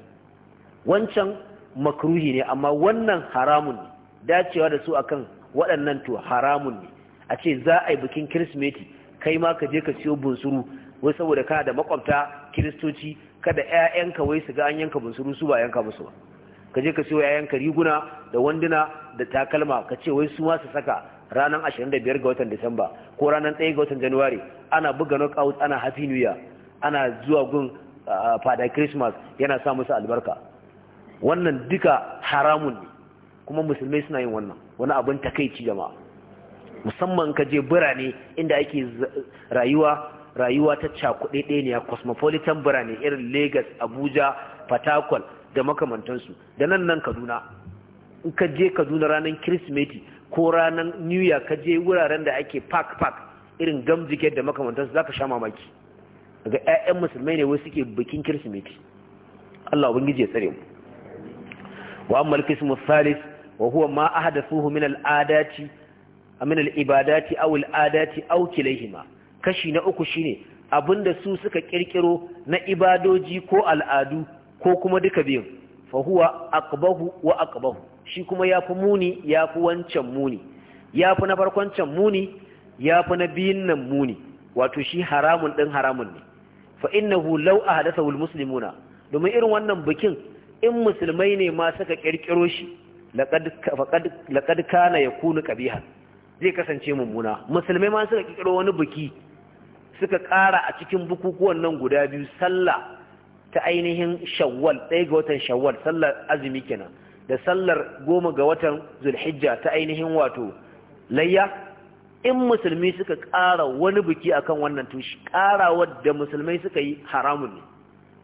وانشان مكروهي أما وانا حرام داتي هذا سوء كان waɗannan to haramun ne a ce za a yi bikin kirsimeti kai ma ka je ka siyo bunsuru wai saboda kana da makwabta kiristoci kada ƴaƴanka wai su ga an yanka bunsuru su ba yanka musu ba ka je ka siyo ƴaƴanka riguna da wanduna da takalma ka ce wai su ma su saka ranar 25 ga watan Disamba ko ranar 1 ga watan January ana buga knockout ana happy new year ana zuwa gun fada Christmas yana sa musu albarka wannan duka haramun ne kuma musulmai suna yin wannan wani abin takaici jama'a musamman ka je birane inda ake rayuwa rayuwa ta cakuɗe ɗaya ne a cosmopolitan birane irin Legas, Abuja, Fatakwal da makamantansu da nan nan Kaduna in ka je Kaduna ranar Kirsimeti ko ranar New Year ka je wuraren da ake park park irin gamjike da makamantansu za ka sha mamaki ga ƴaƴan musulmai ne wasu suke bikin Kirsimeti Allah ubangiji ya tsare mu wa amma al-qismu wa huwa ma min min ibadati aw al aw kashi na uku shine da su suka kirkiro na ibadoji ko al'adu ko kuma duka biyun fa huwa aqbahu wa aqbahu shi kuma yafi muni yafi wancan muni yafi na farkon can muni yafi na biyun nan muni wato shi haramun din haramun ne fa innahu law ahdathahu musulmuna. domin irin wannan bikin in musulmai ne ma suka kirkiro shi laqad laqad kana yakunu qabiha zai kasance mummuna musulmai ma suka kirkiro wani biki suka ƙara a cikin bukukuwan nan guda biyu sallah ta ainihin shawwal ɗaya ga watan shawwal sallar azumi kenan da sallar goma ga watan zulhijja ta ainihin wato layya in musulmi suka ƙara wani biki akan wannan tushi ƙara da musulmai suka yi haramun ne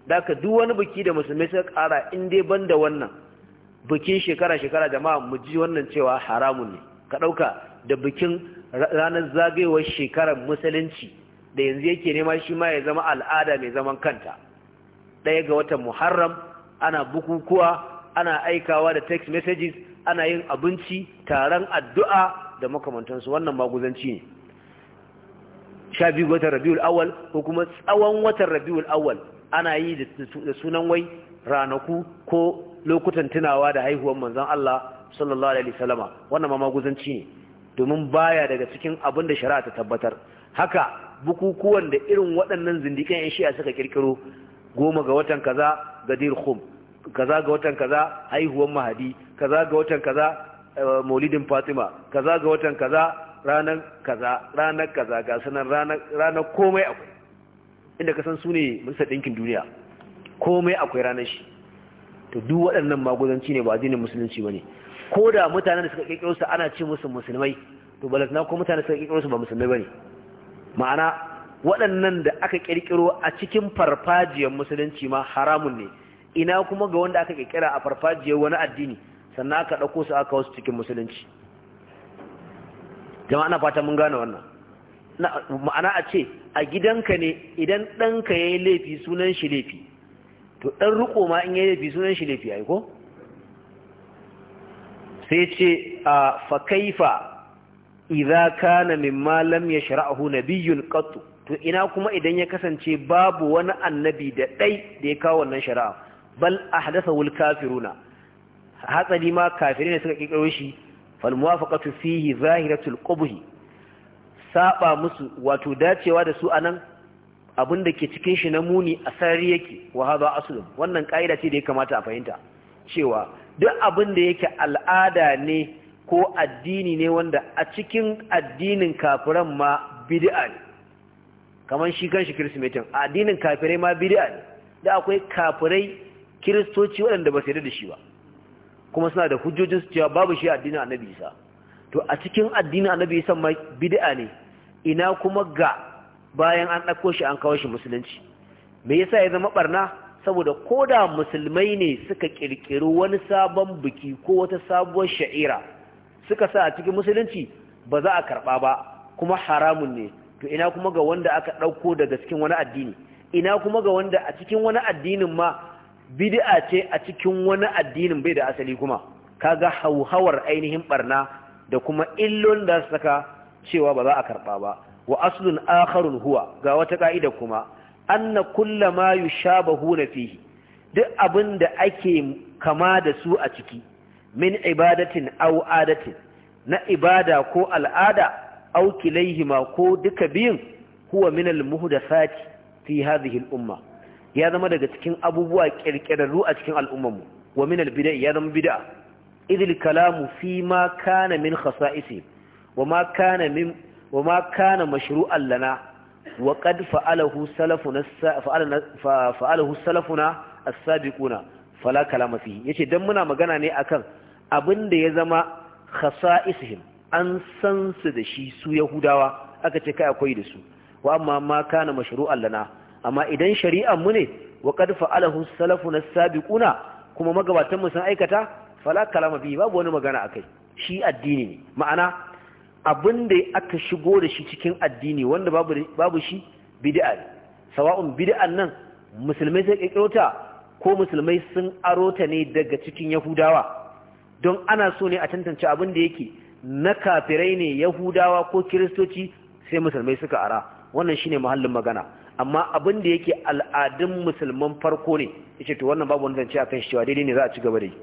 da ka duk wani biki da musulmai suka ƙara in dai ban da wannan bikin shekara-shekara jama'a mu ji wannan cewa haramun ne ka ɗauka da bikin ranar zagayewar shekarar musulunci da yanzu yake nema shi ma ya zama al'ada mai zaman kanta ɗaya ga watan muharram ana bukukuwa ana aikawa da text messages ana yin abinci taron addu'a da makamantansu wannan maguzanci ne sha biyu watan rabiul awal ko kuma tsawon watan rabiul awal ana yi da sunan wai ranaku ko lokutan tunawa da haihuwar manzon Allah sallallahu alaihi wasallama wannan ma maguzanci ne domin baya daga cikin abin da shari'a ta tabbatar haka bukukuwan da irin waɗannan zindikan yan shiya suka kirkiro goma ga watan kaza gadir khum kaza ga watan kaza haihuwan mahadi kaza ga watan kaza eh, maulidin fatima kaza ga watan kaza ranar kaza ranar kaza ga sanar ranar komai akwai inda ka san su ne minista ɗinkin duniya komai akwai ranar shi to duk waɗannan magudanci ne ba addinin musulunci ba ne ko da mutanen da suka ƙirƙiro su ana ce musu musulmai to na ko mutanen da suka ƙirƙiro su ba musulmai ba ne ma'ana waɗannan da aka ƙirƙiro a cikin farfajiyar musulunci ma haramun ne ina kuma ga wanda aka ƙirƙira a farfajiyar wani addini sannan aka ɗauko su aka wasu cikin musulunci jama'a na fata mun gane wannan ma'ana a ce a gidanka ne idan ɗanka ya yi laifi sunan shi laifi to ɗan riƙo ma in ya yi laifi sunan shi laifi yi ko sai ce a fakaifa idza kana mimma lam yashra'hu nabiyyun qat to ina kuma idan ya kasance babu wani annabi da dai da ya kawo wannan shari'a bal ahdathahu al-kafiruna hatsari ma kafirin ne suka kikiro shi fal muwafaqatu fihi zahiratul qubh saba musu wato dacewa da su anan abin da ke cikin shi na muni a sarari yake wa haza asulun wannan ka'ida ce da ya kamata a fahimta cewa duk abinda yake al'ada ne ko addini ne wanda a cikin addinin kafiran ma bid'a ne kamar shi kanshi a addinin kafirai ma bid'a ne da akwai kafirai kiristoci waɗanda ba su yarda da shi ba kuma suna da hujjojin su cewa babu shi addinin annabi isa to a cikin addinin annabi isa ma bid'a ne ina kuma ga bayan an ɗauko shi an kawo shi musulunci me yasa ya zama barna saboda koda musulmai ne suka ƙirƙiri wani sabon biki ko wata sabuwar sha'ira suka sa a cikin musulunci ba za a karɓa ba kuma haramun ne to ina kuma ga wanda aka ɗauko daga cikin wani addini ina kuma ga wanda a cikin wani addinin ma bid'a ce a cikin wani addinin bai da asali kuma kaga hauhawar ainihin barna da kuma illon da saka cewa ba za a karɓa ba wa aslun akharun huwa ga wata ka'ida kuma anna kullama yushabahu fihi duk abin da ake kama da su a ciki min ibadatin aw adatin na ibada ko al'ada aw kilaihima ko duka biyun huwa min al-muhdathati fi hadhihi al-umma ya zama daga cikin abubuwa kirkirarru a cikin mu wa min al-bid'a ya zama bid'a idil kalamu fi ma kana min khasa'isi wa ma kana min wa ma kana mashru'an lana wa qad fa'alahu salafuna fa'alahu salafuna as-sabiquna fala kalama yace dan muna magana ne akan abin da ya zama khasa'isihim an san su da shi su yahudawa aka ce kai akwai da su wa amma ma kana mashru'an lana amma idan shari'an mu ne wa qad fa'alahu salafuna sabiquna kuma magabatan mu sun aikata fala kalama bi babu wani magana akai shi addini ne ma'ana abin da aka shigo da shi cikin addini wanda babu babu shi bid'a ne sawa'un bid'an nan musulmai sai kirkiro ko musulmai sun aro ta ne daga cikin yahudawa don ana so ne a tantance abin da yake na kafirai ne yahudawa ko kiristoci sai musulmai suka ara wannan shine muhallin magana amma abin da yake al'adun musulman farko ne yace to wannan babu wanda zance akan shi cewa daidai ne za a ci gaba da yi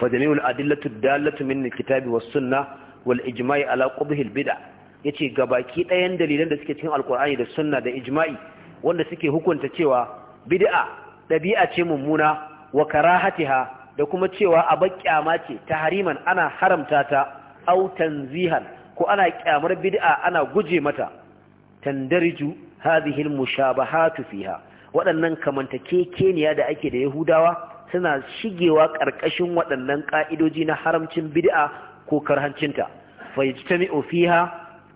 fa jami'ul adillatu dallatu min alkitabi was sunnah wal ijma'i ala qubhi al bid'a yace gabaki ɗayan dalilan da suke cikin alqur'ani da sunna da ijma'i wanda suke hukunta cewa bid'a dabi'a ce mummuna wa karahatiha da kuma cewa abar kyama ce hariman ana haramta ta au tanzihan ko ana kyamar bid'a ana guje mata tandariju hadhihi mushabahatu fiha waɗannan kekeniya da ake da yahudawa suna shigewa ƙarƙashin waɗannan ƙa'idoji na haramcin bid'a ko karhancinta fayajtami'u fiha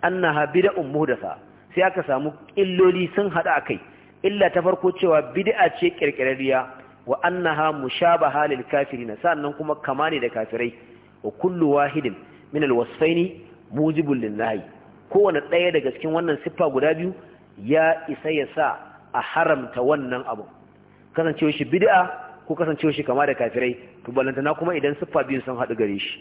annaha bid'un muhdatha sai aka samu illoli sun hada akai illa ta farko cewa bid'a ce ƙirƙirarriya wa annaha mushabaha lil kafirin sannan kuma kama ne da kafirai wa kullu wahidin min al wasfaini mujibul lin nahi kowanne ɗaya daga cikin wannan siffa guda biyu ya isa ya sa a haramta wannan abu kasancewa shi bid'a ko kasancewa shi kama da kafirai to ballantana kuma idan siffa biyun sun haɗu gare shi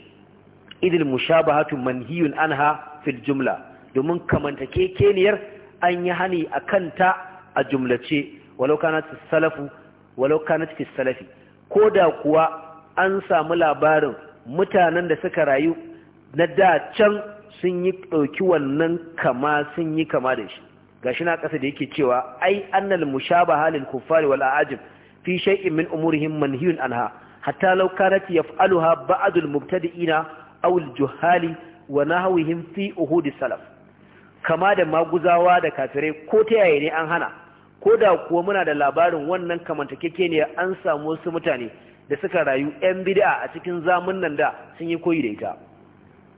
idil mushabahatu manhiyun anha fil jumla domin kamanta kekeniyar an yi hani a kanta a jumlace walau kana salafu walau kanat fi salafi ko da kuwa an samu labarin mutanen da suka rayu na da can sun yi ɗauki wannan kama sun yi kama da shi gashi na ƙasa da yake cewa ai annal mushaba halin kuffari wal ajin fi shay'in min umurihim manhiyun anha hatta law kanat yaf'aluha ba'd mubtadi'ina aw al juhali wa nahwihim fi uhud salaf kama da maguzawa da kafirai ko ta yaya ne an hana ko da kuwa muna da labarin wannan kamantakeke ne an samu wasu mutane da suka rayu 'yan bid'a a cikin zamun nan da sun yi koyi da ita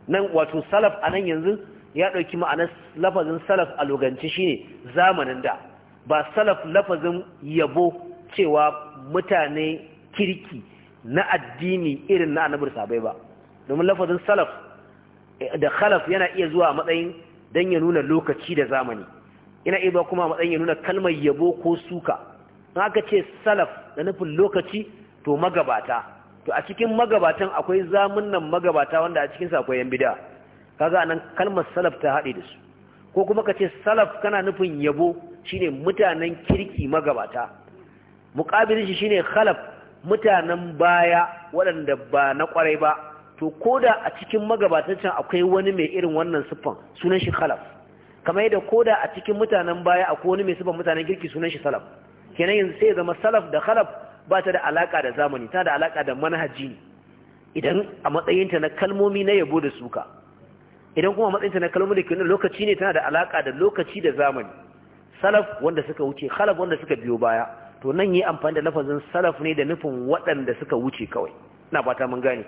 nan wato salaf a nan yanzu ya ɗauki ma'anar lafazin salaf a loganci shine zamanin da ba salaf lafazin yabo cewa mutane kirki na addini irin na annabi sabai ba domin lafazin salaf eh, da khalaf yana iya zuwa matsayin don ya nuna lokaci da zamani ina iya kuma matsayin ya nuna kalmar yabo ko suka in aka ce salaf da nufin lokaci to magabata to a cikin magabatan akwai zamunnan magabata wanda a cikinsa akwai yan bida kaga anan kalmar salaf ta haɗe da su ko kuma ka ce salaf kana nufin yabo shine mutanen kirki magabata muƙabilin shi shine khalaf mutanen baya waɗanda ba na ƙwarai ba to ko da a cikin magabatan can akwai wani mai irin wannan siffan sunan shi khalaf kamar yadda koda a cikin mutanen baya a wani mai sabon mutanen girki sunan shi salaf kenan yanzu sai ya zama salaf da khalaf ba ta da alaka da zamani ta da alaka da manhaji idan a matsayinta na kalmomi na yabo da suka idan kuma matsayinta na kalmomi da kinan lokaci ne tana da alaka da lokaci da zamani salaf wanda suka wuce khalaf wanda suka biyo baya to nan yi amfani da lafazin salaf ne da nufin waɗanda suka wuce kawai ina fata mun gane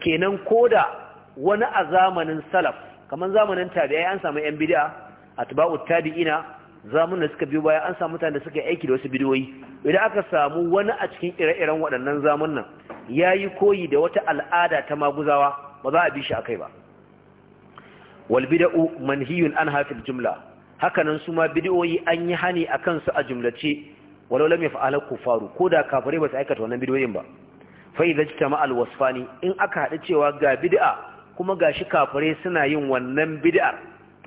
kenan koda wani a zamanin salaf kamar zamanin tabi'ai an samu yan bid'a atba'u tabi'ina zamun da suka biyo baya an samu mutane da suka aiki da wasu bidiyoyi idan aka samu wani a cikin ire-iren waɗannan zamun nan yayi koyi da wata al'ada ta maguzawa ba za a bi shi akai ba wal bid'u manhiyun an jumla hakanan su ma bidiyoyi an yi hani akan su a jumlace walau lam yaf'alu kufaru koda kafare ba su aikata wannan bidiyoyin ba fa idza jtama al wasfani in aka hada cewa ga bid'a kuma gashi kafare suna yin wannan bid'ar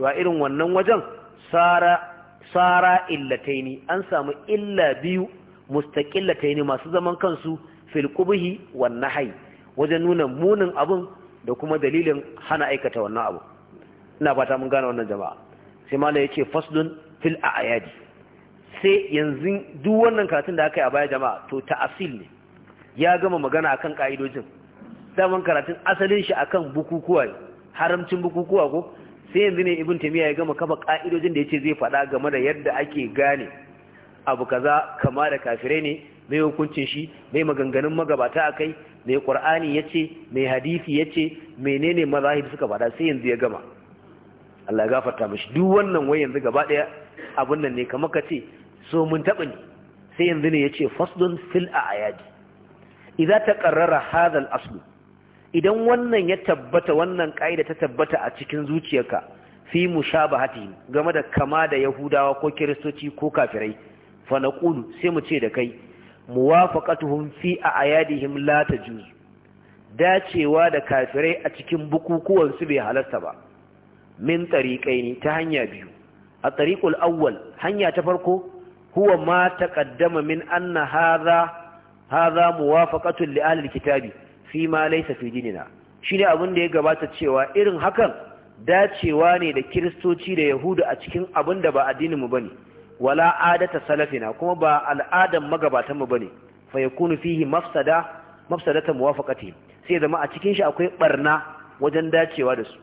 to a irin wannan wajen sara illataini an samu illa biyu mustaqillataini masu zaman kansu fil qubhi wan wajen nuna munin abun da kuma dalilin hana aikata wannan abu ina fata mun gane wannan jama'a sai mala yace faslun fil a'yadi sai yanzu duk wannan karatun da aka yi a baya jama'a to ta'asil ne ya gama magana akan ka'idojin daman karatun asalin shi akan bukukuwa haramcin bukukuwa ko sai yanzu ne ibn tamiya ya gama kafa ka'idojin da ya ce zai fada game da yadda ake gane abu kaza kama da kafirai ne mai hukuncin shi mai maganganun magabata akai mai qur'ani yace mai hadisi yace menene mazahib suka fada sai yanzu ya gama Allah ya gafarta mishi duk wannan wai yanzu gaba daya abun nan ne kamar kace so mun taɓa ne sai yanzu ne yace faslun fil a'yadi idza taqarrara hadha al-aslu idan wannan ya tabbata wannan ƙa'ida ta tabbata a cikin zuciyarka fi mushabahati game da kama da yahudawa ko kiristoci ko kafirai fa naqulu sai mu ce da kai muwafaqatuhum fi a'yadihim la tajuz dacewa da kafirai a cikin bukukuwan su bai halasta ba min tariqaini ta hanya biyu a tariqul awwal hanya ta farko huwa ma taqaddama min anna hadha hadha muwafaqatun li ahli kitabi fi ma laisa fi dinina shine abin da ya gabata cewa irin hakan dacewa ne da kiristoci da yahudu a cikin abin da ba addinin mu bane wala adata salafina kuma ba al'adan magabatan mu bane fa yakunu fihi mafsada mafsadatan muwafaqati sai zama a cikin shi akwai barna wajen dacewa da su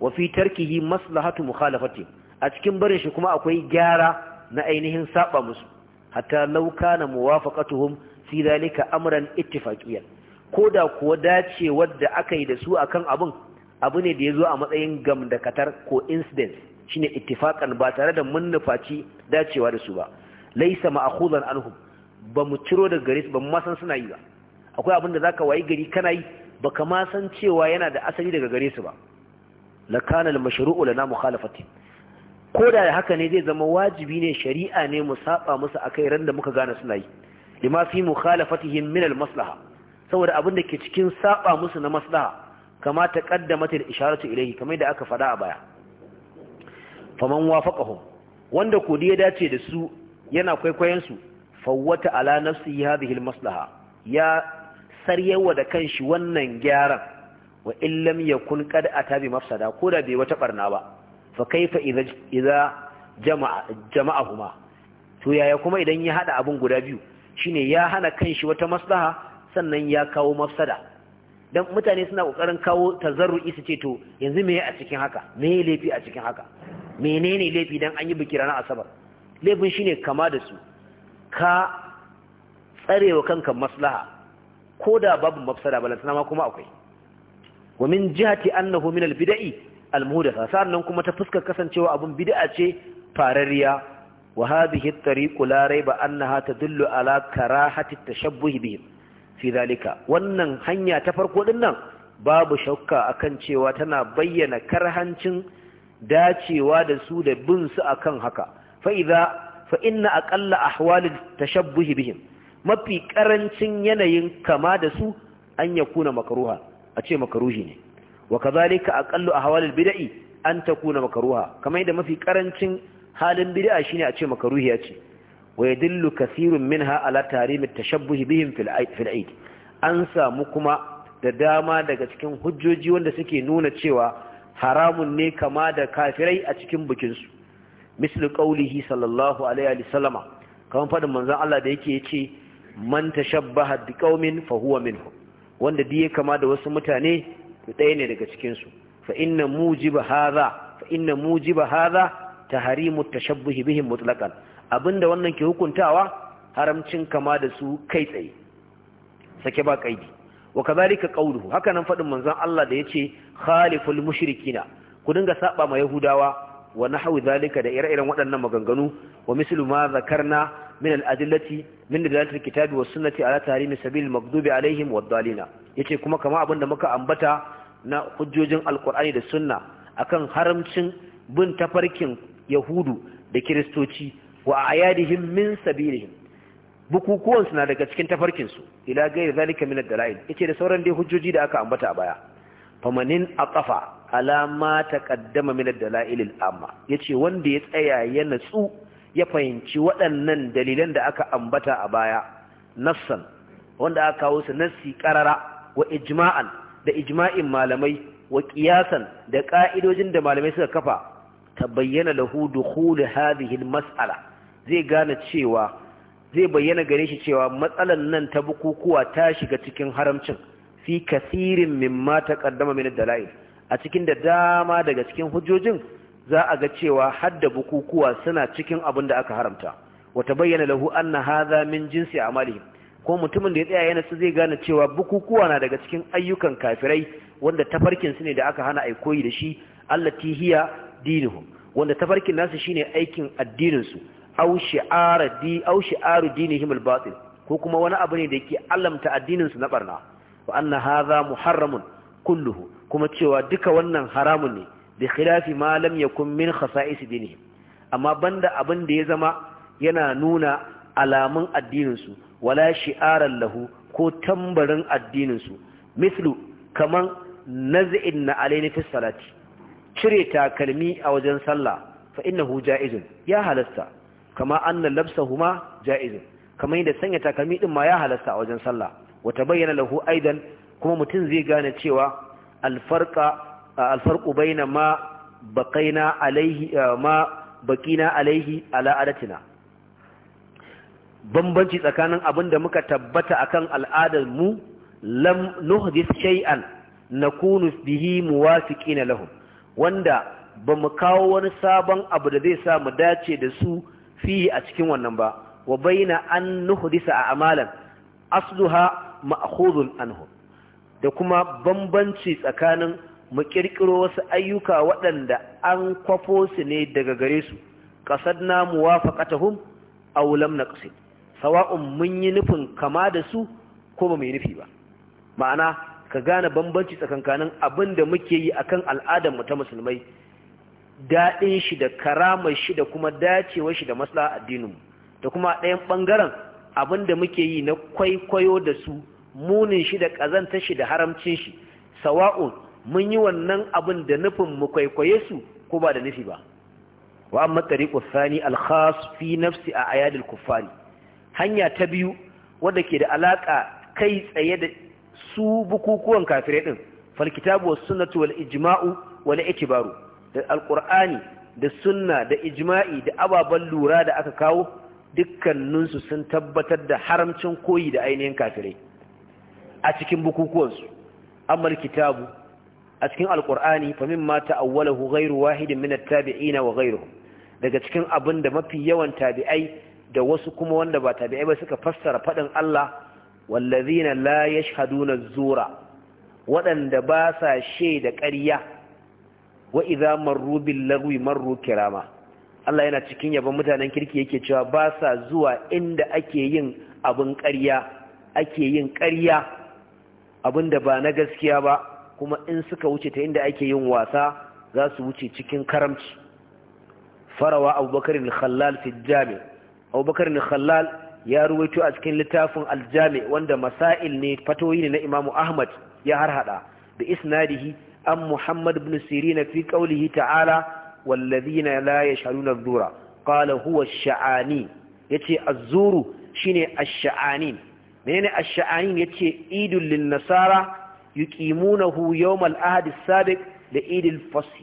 wa fi tarkihi maslahatu mukhalafati a cikin barin shi kuma akwai gyara na ainihin saba musu hatta law kana muwafaqatuhum fi dalika amran ittifaqiyan ko da kuwa dace wadda aka yi da su akan abin abu ne da ya zo a matsayin gamdakatar ko incident shine ittifakan ba tare da mun dacewa da su ba laisa ma'khudan anhum ba mu ciro da gare ba mu san suna yi ba akwai abin da zaka wayi gari kana yi baka ma san cewa yana da asali daga gare su ba kana al-mashru'u lana mukhalafati ko da haka ne zai zama wajibi ne shari'a ne mu saba musu akai ran da muka gane suna yi lima fi mukhalafatihim min al-maslaha saboda abin da ke cikin saba musu na maslaha kama ta kaddamata da isharatu ilaihi kamar da aka faɗa a baya faman wafaqahum wanda kodi ya dace da su yana kwaikwayon su fawwata ala nafsihi hadhihi almaslaha ya saryewa da kanshi wannan gyaran wa in lam yakun qad ata bi mafsada ko da bai wata barna ba fa kaifa idza idza jama'a jama'ahuma to yaya kuma idan ya haɗa abin guda biyu shine ya hana kanshi wata maslaha sannan ya kawo mafsada don mutane suna kokarin kawo tazarru'i su ce to yanzu me a cikin haka me laifi a cikin haka menene laifi dan an yi biki ranar asabar laifin shine kama da su ka tsarewa kanka maslaha ko da babu mafsada balantana ma kuma akwai wa min jihati annahu min al-bida'i al-muhdatha sannan kuma ta fuskar kasancewa abun bid'a ce farariya wa hadhihi at-tariqu la rayba annaha tadullu ala karahati at-tashabbuh bihim fi zalika wannan hanya ta farko din nan babu shakka akan cewa tana bayyana karhancin dacewa da su da bin su akan haka fa idza fa inna aqalla ahwali tashabbuhi bihim mafi karancin yanayin kama da su an yakuna makruha a ce makruhi ne wa kadhalika aqallu ahwali bid'i an takuna makruha kamar yadda mafi karancin halin bid'a shine a ce ya ce wa yadullu kathirun minha ala tarim tashabbuh bihim fil aid an samu kuma da dama daga cikin hujjoji wanda suke nuna cewa haramun ne kama da kafirai a cikin bikinsu mislu qawlihi sallallahu alaihi wa sallama kamar fadin manzon Allah da yake yace man tashabbaha bi qaumin wanda diye kama da wasu mutane to ɗaya ne daga cikin fa inna mujiba hadha fa inna mujiba hadha tahrimu tashabbuhi bihim mutlaqan abinda wannan ke hukuntawa haramcin kama da su kai tsaye sake ba kaidi wa kadhalika qauluhu haka nan fadin manzon Allah da yace khaliful mushrikina ku dinga saba ma yahudawa wa nahwu zalika da ire-iren waɗannan maganganu wa mislu ma zakarna min al-adillati min dalalatil kitabi was sunnati ala tahrimi sabil maghdubi alaihim wad-dallina yace kuma kama abinda muka ambata na hujjojin alqur'ani da sunna akan haramcin bin tafarkin yahudu da kiristoci wa ayadihim min sabilihim bukukuwansu na daga cikin tafarkin su ila gairi zalika min ad-dalail yace da sauran dai hujjoji da aka ambata a baya famanin aqafa ala ma taqaddama min ad-dalail al-amma yace wanda ya tsaya ya natsu ya fahimci waɗannan dalilan da aka ambata a baya nassan wanda aka kawo su nassi qarara wa ijma'an da ijma'in malamai wa qiyasan da ka'idojin da malamai suka kafa tabayyana lahu dukhul hadhihi al-mas'ala zai gane cewa zai bayyana gare shi cewa matsalan nan ta bukukuwa ta shiga cikin haramcin fi kasirin mimma ta kaddama min dalail a cikin da dama daga cikin hujjojin za a ga cewa hadda bukukuwa suna cikin abin da aka haramta wata bayyana lahu anna hadha min jinsi amalihim ko mutumin da ya tsaya yana zai gane cewa bukukuwa na daga cikin ayyukan kafirai wanda tafarkin su ne da aka hana ai koyi da shi allati hiya dinuhum wanda tafarkin nasu shine aikin addinin su aw shi'ara di aw shi'aru dinihim al-batil ko kuma wani abu ne da yake alamta addinin su na barna wa anna hadha muharramun kulluhu kuma cewa duka wannan haramun ne bi khilafi ma lam yakun min khasa'is dinihim amma banda abin da ya zama yana nuna alamun addinin su wala shi'aran lahu ko tambarin addinin su mislu kaman naz'in na alaini fi salati cire takalmi a wajen sallah fa innahu ja'izun ya halasta kama anna labsahuma ja'izun kamar yadda sanya takalmi din ma ya halasta a wajen sallah wa tabayyana lahu aidan kuma mutum zai gane cewa alfarqa alfarqu baina ma baqaina alaihi eh, ma baqina alaihi ala adatina bambanci tsakanin abin da muka tabbata akan al'adar mu lam nuhdith shay'an nakunu bihi muwafiqina lahum wanda ba mu kawo wani sabon abu da zai sa mu dace da su Fiyi a cikin wannan ba wa baina an a a'malan asluha ma'khudun anhu da kuma bambanci tsakanin mu kirkiro wasu ayyuka waɗanda an kwafo su ne daga gare su ƙatahun a aw lam naqsid sawa'un mun yi nufin kama da su ko ba mu nufi ba ma'ana ka gane bambanci tsakanin abin da muke yi akan al'adar mu ta musulmai daɗin shi da karamar shi da kuma dacewa shi da maslaha addinin da kuma ɗayan ɓangaren abin da muke yi na kwaikwayo da su munin shi da ƙazantar shi da haramcin shi sawa'un mun yi wannan abin da nufin mu kwaikwaye su ko ba da nufi ba wa amma tariqu thani al khas fi nafsi a ayadil kuffari hanya ta biyu wanda ke da alaka kai tsaye da su bukukuwan kafirai din fal kitabu was sunnatu wal ijma'u wal itibaru da alkur'ani da sunna da ijma'i da ababen lura da aka kawo dukkaninsu sun tabbatar da haramcin koyi da ainihin kafirai a cikin bukukuwansu amal kitabu a cikin alkur'ani famin mata awwalahu ghairu wahidin min at-tabi'ina wa ghairuhum daga cikin abin da mafi yawan tabi'ai da wasu kuma wanda ba tabi'ai ba suka fassara fadin Allah wallazina la yashhaduna zura waɗanda ba sa shaida ƙarya wa idza marru bil lagwi marru kirama Allah yana cikin yabon mutanen kirki yake cewa ba sa zuwa inda ake yin abin ƙarya ake yin ƙarya abin da ba na gaskiya ba kuma in suka wuce ta inda ake yin wasa za su wuce cikin karamci farawa abubakar khallal fi jami abubakar khallal ya ruwaito a cikin littafin aljami wanda masail ne fatoyi ne na imamu ahmad ya harhaɗa da isnadihi an muhammad ibn sirina fi qawlihi ta'ala wallazina la yashhaduna adh-dhura qala huwa ash-sha'ani yace az-zuru shine ash-sha'ani menene ash-sha'ani yace idul lin-nasara yuqimunahu yawm al-ahd as-sabiq da idil fasl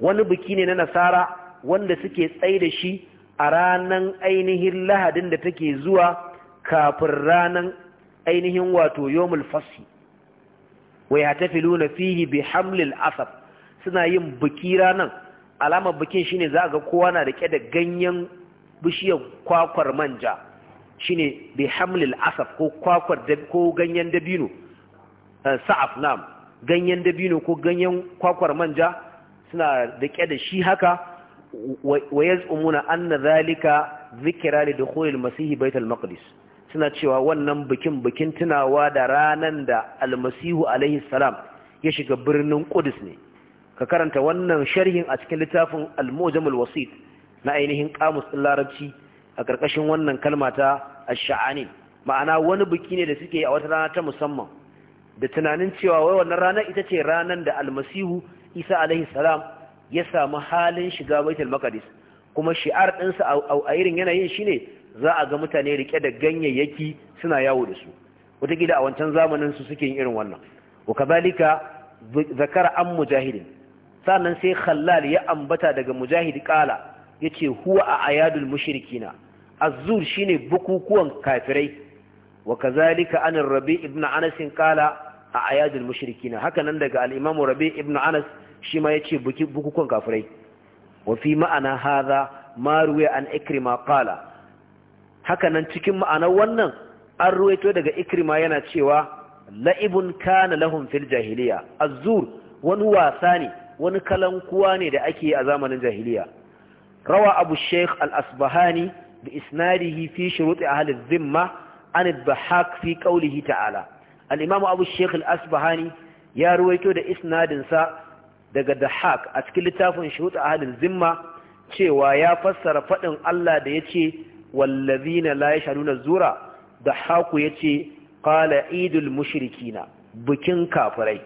wani biki ne na nasara wanda suke tsaye da shi a ranan ainihin lahadin da take zuwa kafin ranan ainihin wato yawmul fasl wai yahtafiluna fihi bi hamlil asab suna yin biki ranan alamar bikin shine za ga kowa na rike da ganyen bishiyar kwakwar manja shine bi hamlil asaf ko kwakwar ko ganyen dabino eh, sa'af nam ganyen dabino ko ganyen kwakwar manja suna rike da shi haka wa yaz'umuna anna zalika zikra li dukhulil masih baitul maqdis suna cewa wannan bikin bikin tunawa da ranan da almasihu alaihi salam ya shiga birnin kudus ne ka karanta wannan sharhin a cikin littafin al-mujamul wasit na ainihin kamus din larabci a karkashin wannan kalma ta ash-sha'ani ma'ana wani biki ne da suke a wata rana ta musamman da tunanin cewa wai wannan rana ita ce ranan da almasihu isa alaihi salam ya samu halin shiga baitul maqdis kuma shi'ar ɗinsa a irin yanayin shine za a ga mutane rike da ganyayyaki suna yawo da su wataƙila a wancan zamanin su suke yin irin wannan wa kazalika zakara an mujahidin sannan sai khallal ya ambata daga mujahid kala yace huwa a ayadul mushrikina azzur shine bukukuwan kafirai wa kazalika an rabi ibn anas kala a ayadul mushrikina haka nan daga al-imam rabi ibn anas shi ma yace bukukuwan kafirai wa fi ma'ana hadha ma an ikrima qala hakanan cikin ma'anar wannan an ruwaito daga ikrima yana cewa la'ibun kana lahum fil jahiliya azzur wani wasa ne wani kalankuwa ne da ake a zamanin jahiliya rawa abu sheikh al-asbahani bi isnadihi fi shuruti ahli zimma, an ad fi qawlihi ta'ala al-imam abu sheikh al-asbahani ya ruwaito da isnadin sa daga dahak a cikin littafin shuruti ahli zimma, cewa ya fassara fadin Allah da yace wallazina la yashaduna zura da haku yace qala idul mushrikina bukin kafirai